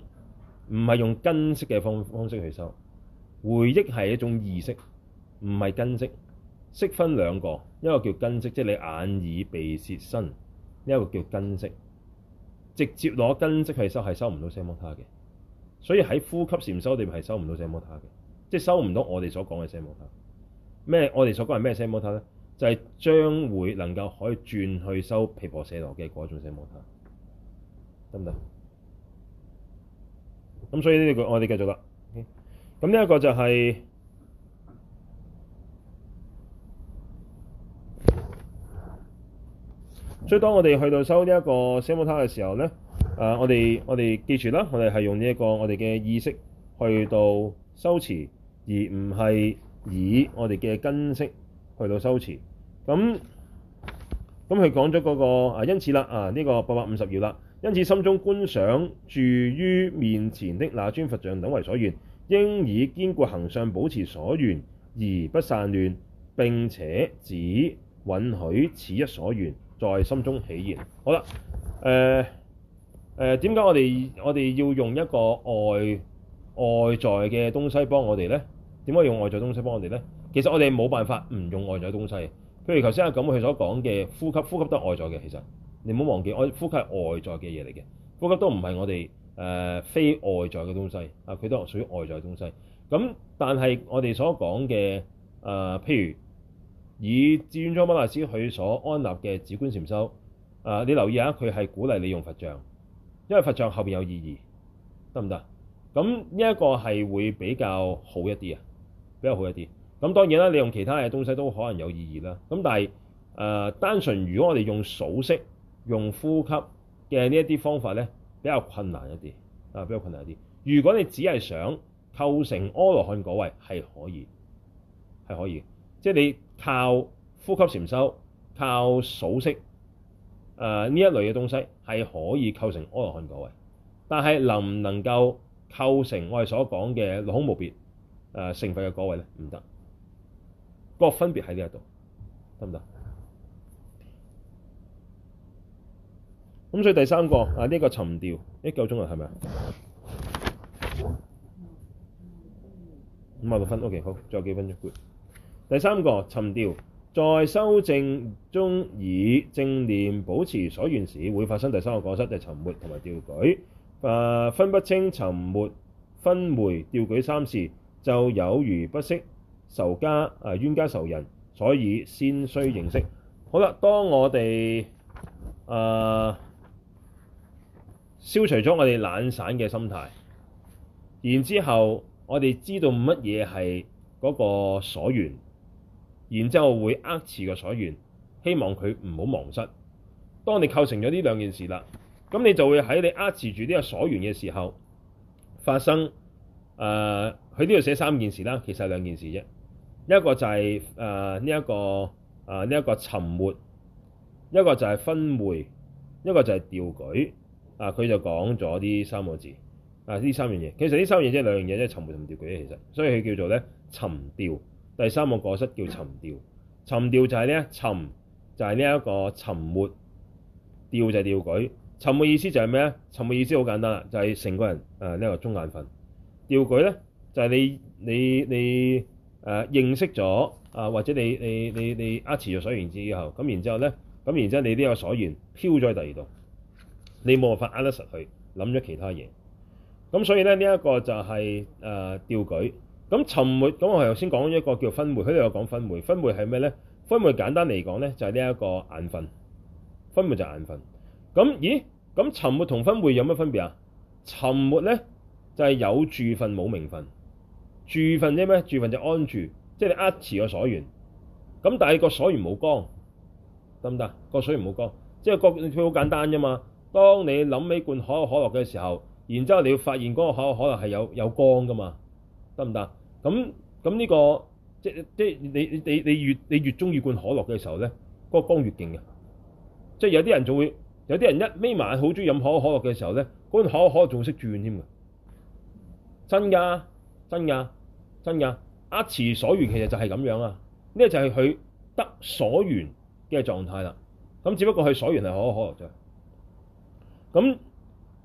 [SPEAKER 1] 唔係用根識嘅方方式去收。回憶係一種意識，唔係根識。識分兩個，一個叫根識，即係你眼耳鼻舌身；一個叫根識。直接攞根即係收係收唔到奢摩他嘅，所以喺呼吸時唔收，是收，你係收唔到奢摩他嘅，即係收唔到我哋所講嘅奢摩他。咩？我哋所講係咩奢摩他咧？就係、是、將會能夠可以轉去收毗婆舍那嘅嗰種奢摩他，得唔得？咁所以呢個我哋繼續啦。咁呢一個就係、是。所以當我哋去到修呢一個奢摩他嘅時候咧，誒、啊，我哋我哋記住啦，我哋係用呢一個我哋嘅意識去到修持，而唔係以我哋嘅根識去到修持。咁咁佢講咗嗰、那個啊，因此啦啊呢、這個八百五十頁啦，因此心中觀想住於面前的那尊佛像等，為所緣，應以堅固行相保持所緣而不散亂，並且只允許此一所緣。在心中起現，好啦，誒、呃，誒、呃，點解我哋我哋要用一個外外在嘅東西幫我哋咧？點解用外在東西幫我哋咧？其實我哋冇辦法唔用外在嘅東西。譬如頭先阿錦佢所講嘅呼吸，呼吸都係外在嘅。其實你唔好忘記，我呼吸係外在嘅嘢嚟嘅，呼吸都唔係我哋誒、呃、非外在嘅東西啊，佢都屬於外在嘅東西。咁但係我哋所講嘅誒譬如。以志願莊摩尼斯佢所安立嘅止觀禪修，啊，你留意一下佢係鼓勵你用佛像，因為佛像後邊有意義，得唔得？咁呢一個係會比較好一啲啊，比較好一啲。咁當然啦，你用其他嘅東西都可能有意義啦。咁但係誒、呃，單純如果我哋用數息、用呼吸嘅呢一啲方法咧，比較困難一啲啊，比較困難一啲。如果你只係想構成阿羅漢嗰位，係可以係可以，係可以即係你。靠呼吸禪修、靠數息，誒、呃、呢一類嘅東西係可以構成阿羅漢果位，但係能唔能夠構成我哋所講嘅六空無別誒聖位嘅果位咧？唔得，各個分別喺邊度？得唔得？咁所以第三個啊，呢、這個沉掉一夠鐘啊，係咪啊？五啊六分，OK，好，仲有幾分鐘？Good. 第三個沉掉，在修正中以正念保持所緣時，會發生第三個過失，就沉沒同埋掉舉、呃。分不清沉沒、昏昧、掉舉三事，就有如不識仇家、呃、冤家仇人，所以先需認識。好啦，當我哋、呃、消除咗我哋懶散嘅心態，然之後我哋知道乜嘢係嗰個所緣。然之後會厄持個所緣，希望佢唔好忘失。當你構成咗呢兩件事啦，咁你就會喺你厄持住呢個所緣嘅時候發生。誒、呃，佢呢度寫三件事啦，其實係兩件事啫。一個就係誒呢一個啊呢一個沉沒，一個就係昏昧，一個就係掉舉。啊、呃，佢就講咗呢三個字啊，呢、呃、三樣嘢。其實呢三樣嘢即係兩樣嘢，即係、就是、沉沒同掉舉其實，所以佢叫做咧沉掉。第三個過失叫沉掉，沉掉就係咧沉就係呢一個沉沒，掉就係掉舉。沉嘅意思就係咩咧？沉嘅意思好簡單啦，就係、是、成個人誒呢一個中眼瞓。掉舉咧就係、是、你你你誒、呃、認識咗啊、呃，或者你你你你，你握持咗所緣境之以後，咁然之後咧，咁然之後你呢個所緣飄咗去第二度，你冇辦法握得實去，諗咗其他嘢。咁所以咧呢一、這個就係誒掉舉。咁沉沒，咁我係頭先講咗一個叫昏昧，佢哋有講昏昧。昏昧係咩咧？昏昧簡單嚟講咧，就係呢一個眼瞓。昏昧就眼瞓。咁咦？咁沉沒同昏昧有乜分別啊？沉沒咧就係有住分，冇明分。住分啫咩？住分就安住，即係你壓持個所緣。咁但係個所緣冇光，得唔得？個所緣冇光，即係個佢好簡單啫嘛。當你諗起罐可口可樂嘅時候，然之後你要發現嗰個可口可樂係有有光㗎嘛，得唔得？咁咁呢個即即你你你你越你越中意灌可樂嘅時候咧，嗰、那個光越勁嘅。即係有啲人仲會有啲人一眯埋，好中意飲可可樂嘅時候咧，嗰罐可可樂仲識轉添㗎。真㗎、啊，真㗎、啊，真㗎、啊。阿慈所願其實就係咁樣啊，呢、這個就係佢得所願嘅狀態啦。咁只不過佢所願係可可樂啫。咁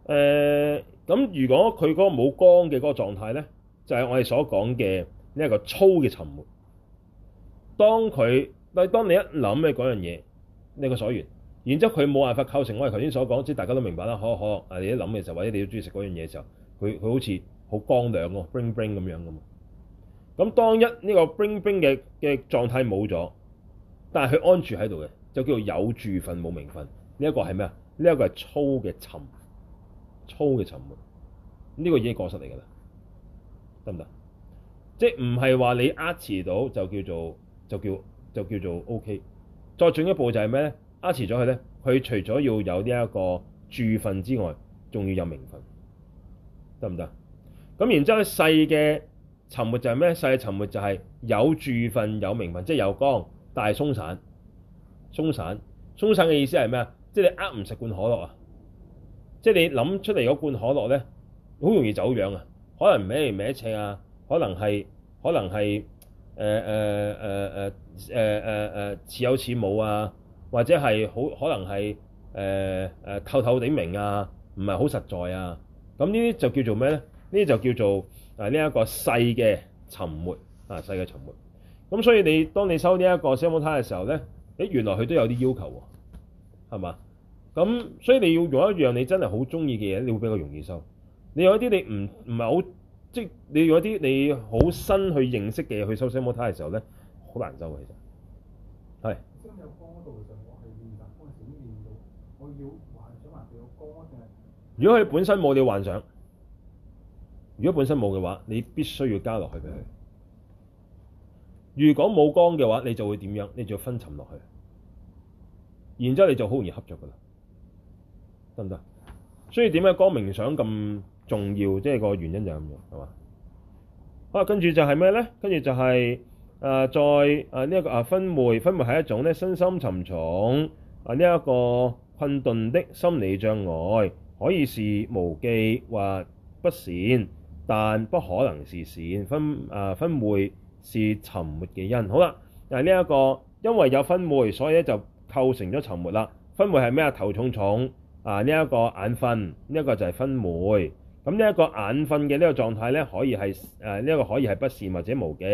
[SPEAKER 1] 誒，咁、呃、如果佢嗰個冇光嘅嗰個狀態咧？就係我哋所講嘅呢一個粗嘅沉沒。當佢，當你一諗嘅嗰樣嘢，呢、這個所緣，然之後佢冇辦法構成我哋頭先所講，即係大家都明白啦，可可啊，你一諗嘅時候，或者你要中意食嗰樣嘢嘅時候，佢佢好似好光亮咯，bling bling 咁樣嘅嘛。咁、嗯啊、當一呢個 bling bling 嘅嘅狀態冇咗，但係佢安住喺度嘅，就叫做有住分冇明分。呢、這、一個係咩啊？呢、這、一個係粗嘅沉，粗嘅沉沒。呢、這個已經過失嚟㗎啦。得唔得？即係唔係話你厄遲到就叫做就叫就叫做 OK。再進一步就係咩咧？厄遲咗佢咧，佢除咗要有呢一個住分之外，仲要有明分，得唔得？咁然之後細嘅沉沒就係咩咧？細嘅沉沒就係有住分有明分，即係有光，但係鬆散、鬆散、鬆散嘅意思係咩啊？即係你厄唔食罐可樂啊？即係你諗出嚟嗰罐可樂咧，好容易走樣啊！可能咩嚟歪尺啊，可能係，可能係，誒誒誒誒誒似有似冇啊，或者係好可能係誒誒透透地明啊，唔係好實在啊，咁呢啲就叫做咩咧？呢啲就叫做誒呢、呃、一個細嘅沉沒啊，細嘅沉沒。咁、啊、所以你當你收呢一個奢摩他嘅時候咧，誒原來佢都有啲要求喎、啊，係嘛？咁所以你要用一樣你真係好中意嘅嘢，你會比較容易收。你有一啲你唔唔係好，即係你有一啲你好新去認識嘅嘢去收奢摩他嘅時候咧，好難收嘅其實係。因有光度，就我係我要幻想還有光，如果佢本身冇你幻想，如果本身冇嘅話，你必須要加落去畀佢；如果冇光嘅話，你就會點樣？你就要分沉落去，然之後你就好容易合作噶啦，得唔得？所以點解光明想咁？重要即係、就是、個原因就係咁係嘛？好啦，跟住就係咩咧？跟住就係、是、在、呃、再呢一、啊這個啊分悶，分悶係一種咧身心沉重啊呢一、這個困頓的心理障礙，可以是無忌或不善，但不可能是善分誒、啊、分是沉沒嘅因。好啦，係呢一個因為有分悶，所以咧就構成咗沉沒啦。分悶係咩啊？頭重重啊呢一、這個眼瞓，呢、這、一個就係分悶。咁呢一個眼瞓嘅呢個狀態呢，可以係呢一個可以係不善或者無記。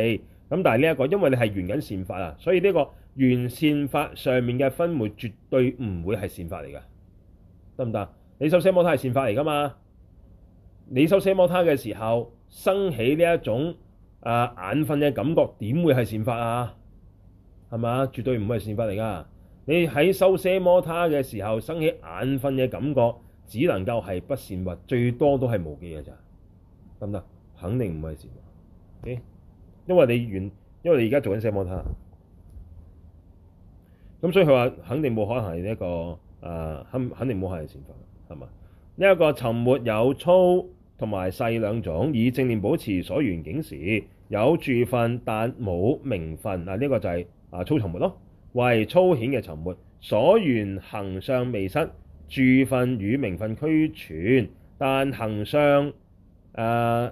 [SPEAKER 1] 咁但係呢一個，因為你係緣緊善法啊，所以呢個緣善法上面嘅昏昧絕對唔會係善法嚟㗎，得唔得？你修奢摩他係善法嚟㗎嘛？你修奢摩他嘅時候生起呢一種啊眼瞓嘅感覺，點會係善法啊？係嘛？絕對唔會係善法嚟㗎。你喺修奢摩他嘅時候生起眼瞓嘅感覺。只能夠係不善法最多都係無記嘅咋，得唔得？肯定唔係善法，okay？因為你原因為你而家做緊奢摩他，咁所以佢話肯定冇可能係一，呢個啊肯肯定冇可能係善法，係嘛？呢、呢、一個沉沒有粗同埋細兩種，以正念保持所緣境時有住分但冇明分啊！呢、呢個就係、係、啊粗沉沒咯，為粗顯嘅沉沒，所緣行相未失。住分與明分俱全，但行相誒誒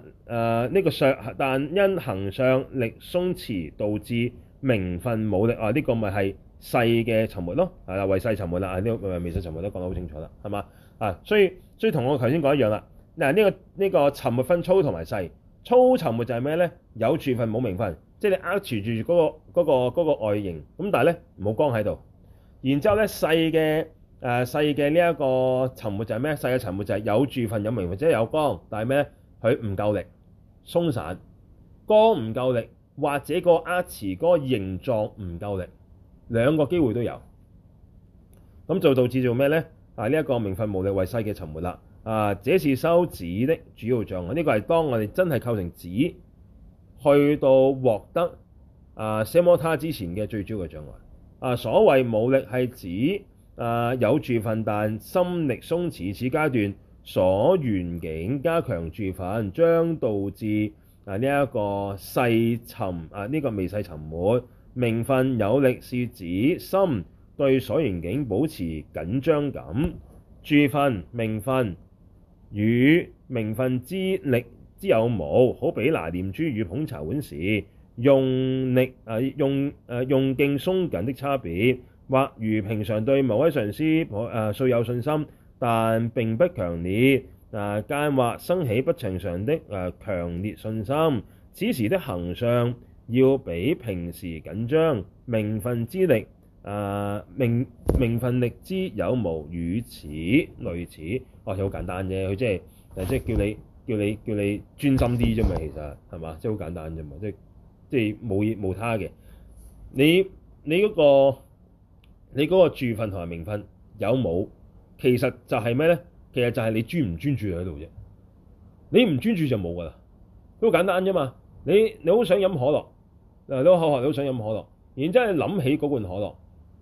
[SPEAKER 1] 呢個削，但因行相力鬆弛導致明分冇力啊！呢、這個咪係細嘅沉沒咯，係、啊、啦，為細沉沒啦，啊呢個咪微細沉沒都講得好清楚啦，係嘛啊？所以所以同我頭先講一樣啦。嗱、啊，呢、這個呢、這個沉沒分粗同埋細，粗沉沒就係咩咧？有住分冇明分即係你握住住嗰、那個嗰、那個嗰、那個外形，咁但係咧冇光喺度，然之後咧細嘅。誒、啊、細嘅呢一個沉沒就係咩？細嘅沉沒就係有住分有明分，即係有光，但係咩？佢唔夠力鬆散，光唔夠力，或者個阿字嘅形狀唔夠力，兩個機會都有。咁就導致做咩咧？啊，呢、這、一個明分無力為細嘅沉沒啦。啊，這是修止的主要障礙。呢、這個係當我哋真係構成止去到獲得啊奢摩他之前嘅最主要嘅障礙。啊，所謂無力係指。啊、呃，有住分但心力鬆弛此，此階段所緣境加強住分，將導致啊呢一個細沉啊呢個微細沉沒，明分有力是指心對所緣境保持緊張感，住分明分與明分之力之有無，好比拿念珠與捧茶碗時用力啊、呃、用啊、呃、用勁鬆緊的差別。或如平常對某位上師，可誒素有信心，但並不強烈；呃、啊，間或生起不尋常的誒、啊、強烈信心。此時的行相要比平時緊張，明分之力呃、啊，明明分力之有無與此類似。哦、啊，又好簡單啫，佢即係即係叫你叫你叫你專心啲啫嘛，其實係嘛，即係好簡單啫嘛，即係即係冇嘢冇他嘅。你你嗰、那個。你嗰個住分同埋明分有冇？其實就係咩咧？其實就係你專唔專注喺度啫。你唔專注就冇噶啦，好簡單啫嘛。你你好想飲可樂，你口渴，你好，你好想飲可樂，然之後諗起嗰罐可樂，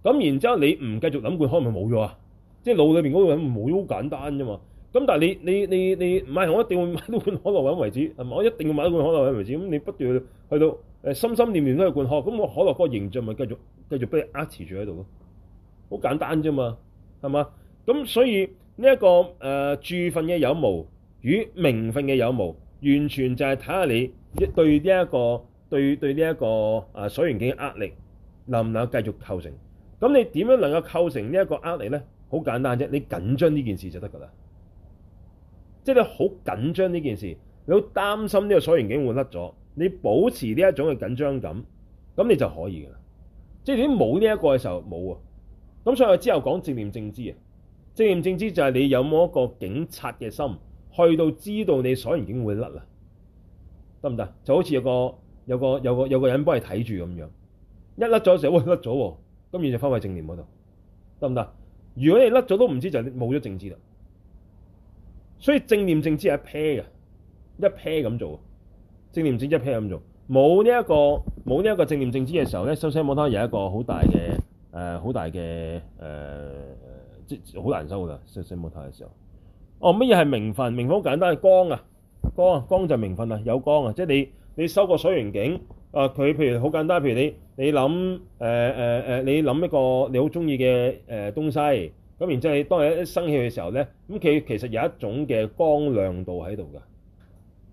[SPEAKER 1] 咁然之後你唔繼續諗罐可樂，咪冇咗啊？即係腦裏面嗰個諗冇，好簡單啫嘛。咁但係你你你你唔係我一定會買到罐可樂飲為止，係我一定要買到罐可樂飲為止咁，你不斷去到誒心心念念都係罐可樂，咁個可樂嗰個形象咪繼續繼續俾你壓持住喺度咯。好簡單啫嘛，係嘛？咁所以呢、這、一個誒住分嘅有無與明分嘅有無，完全就係睇下你對呢、這、一個對對呢、這、一個誒所緣境嘅壓力能唔能夠繼續構成？咁你點樣能夠構成呢一個壓力咧？好簡單啫，你緊張呢件事就得㗎啦。即係你好緊張呢件事，你好擔心呢個所緣境會甩咗，你保持呢一種嘅緊張感，咁你就可以㗎。即係你冇呢一個嘅時候冇啊。咁所以我之後講正念正知啊，正念正知就係你有冇一個警察嘅心，去到知道你所緣已經會甩啦，得唔得？就好似有個有個有個有個人幫你睇住咁樣，一甩咗嘅時候，喂甩咗喎，咁然後就翻去正念嗰度，得唔得？如果你甩咗都唔知，就冇咗正知啦。所以正念正知係一 pair 嘅，一 pair 咁做，正念正知一 pair 咁做，冇呢一個冇呢一個正念正知嘅時候咧，修奢摩他又一個好大嘅。誒好、呃、大嘅誒、呃，即好難收噶，熄熄冇太嘅時候。哦，乜嘢係明分？明分好簡單，光啊，光啊光就係明分啊，有光啊，即係你你收個所緣境啊，佢、呃、譬如好簡單，譬如你你諗誒誒你諗一個你好中意嘅誒東西，咁然之後你當你一生氣嘅時候咧，咁佢其實有一種嘅光亮度喺度噶，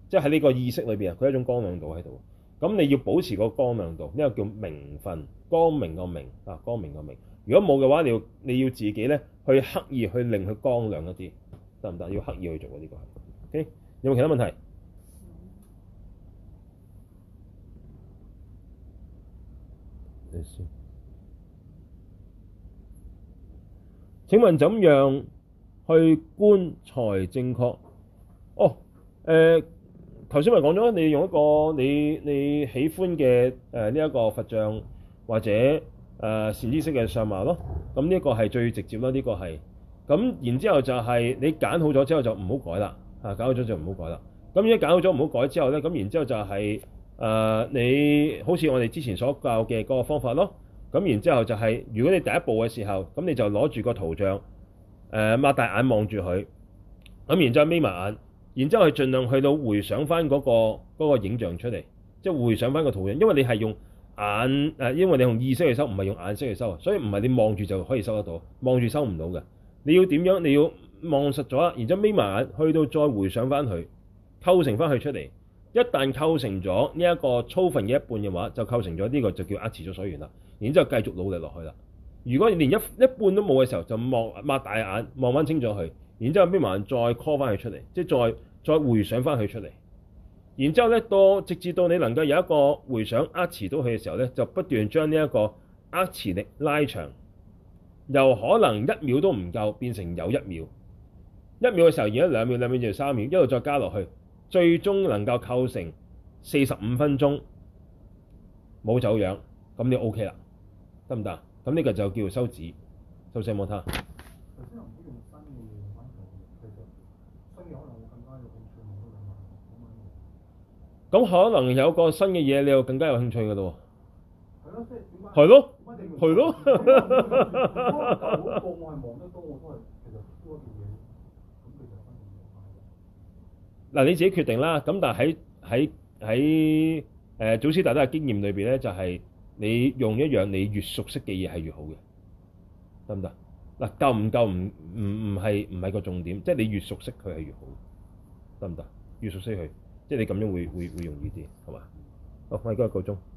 [SPEAKER 1] 即係喺呢個意識裏面，啊，佢有一種光亮度喺度。咁你要保持個光亮度，呢個叫明分，光明個明啊，光明個明。如果冇嘅話，你要你要自己咧去刻意去令佢光亮一啲，得唔得？要刻意去做呢個係。OK，有冇其他問題？請問怎樣去觀才正確？哦，誒。頭先咪講咗，你用一個你你喜歡嘅誒呢一個佛像或者誒、呃、善知識嘅相貌咯，咁呢一個係最直接啦，呢、這個係咁，然後、就是、之後就係你揀好咗之後就唔好改啦，嚇揀好咗就唔好改啦。咁如果揀好咗唔好改之後咧，咁然之後就係、是、誒、呃、你好似我哋之前所教嘅嗰個方法咯，咁然之後就係、是、如果你第一步嘅時候，咁你就攞住個圖像誒擘、呃、大眼望住佢，咁然之後眯埋眼。然之後去盡量去到回想翻嗰個嗰個影像出嚟，即回想翻個圖樣，因為你係用眼，因為你用意識去收，唔係用眼識去收啊，所以唔係你望住就可以收得到，望住收唔到嘅。你要點樣？你要望實咗然之後眯埋眼，去到再回想翻佢，構成翻佢出嚟。一旦構成咗呢一個粗份嘅一半嘅話，就構成咗呢個就叫壓持咗所緣啦。然之後繼續努力落去啦。如果連一一半都冇嘅時候，就望擘大眼望翻清咗佢。然之後邊埋再 call 翻佢出嚟，即係再再回想翻佢出嚟。然之後咧，到直至到你能夠有一個回想憶持到佢嘅時候咧，就不斷將呢一個憶持力拉長，由可能一秒都唔夠變成有一秒，一秒嘅時候，然後兩秒、兩秒就三秒，一路再加落去，最終能夠構成四十五分鐘冇走樣，咁你 OK 啦，得唔得？咁呢個就叫修止修奢摩他。咁可能有個新嘅嘢，你又更加有興趣嘅咯喎。係咯，係咯，係咯。嗱，你自己決定啦。咁但係喺喺喺誒，祖師大德嘅經驗裏邊咧，就係你用一樣你越熟悉嘅嘢係越好嘅，得唔得？嗱，夠唔夠唔唔唔係唔係個重點，即係你越熟悉佢係越好，得唔得？越熟悉佢。即係你咁樣會會會容易啲，係嘛？好，我而家夠鐘。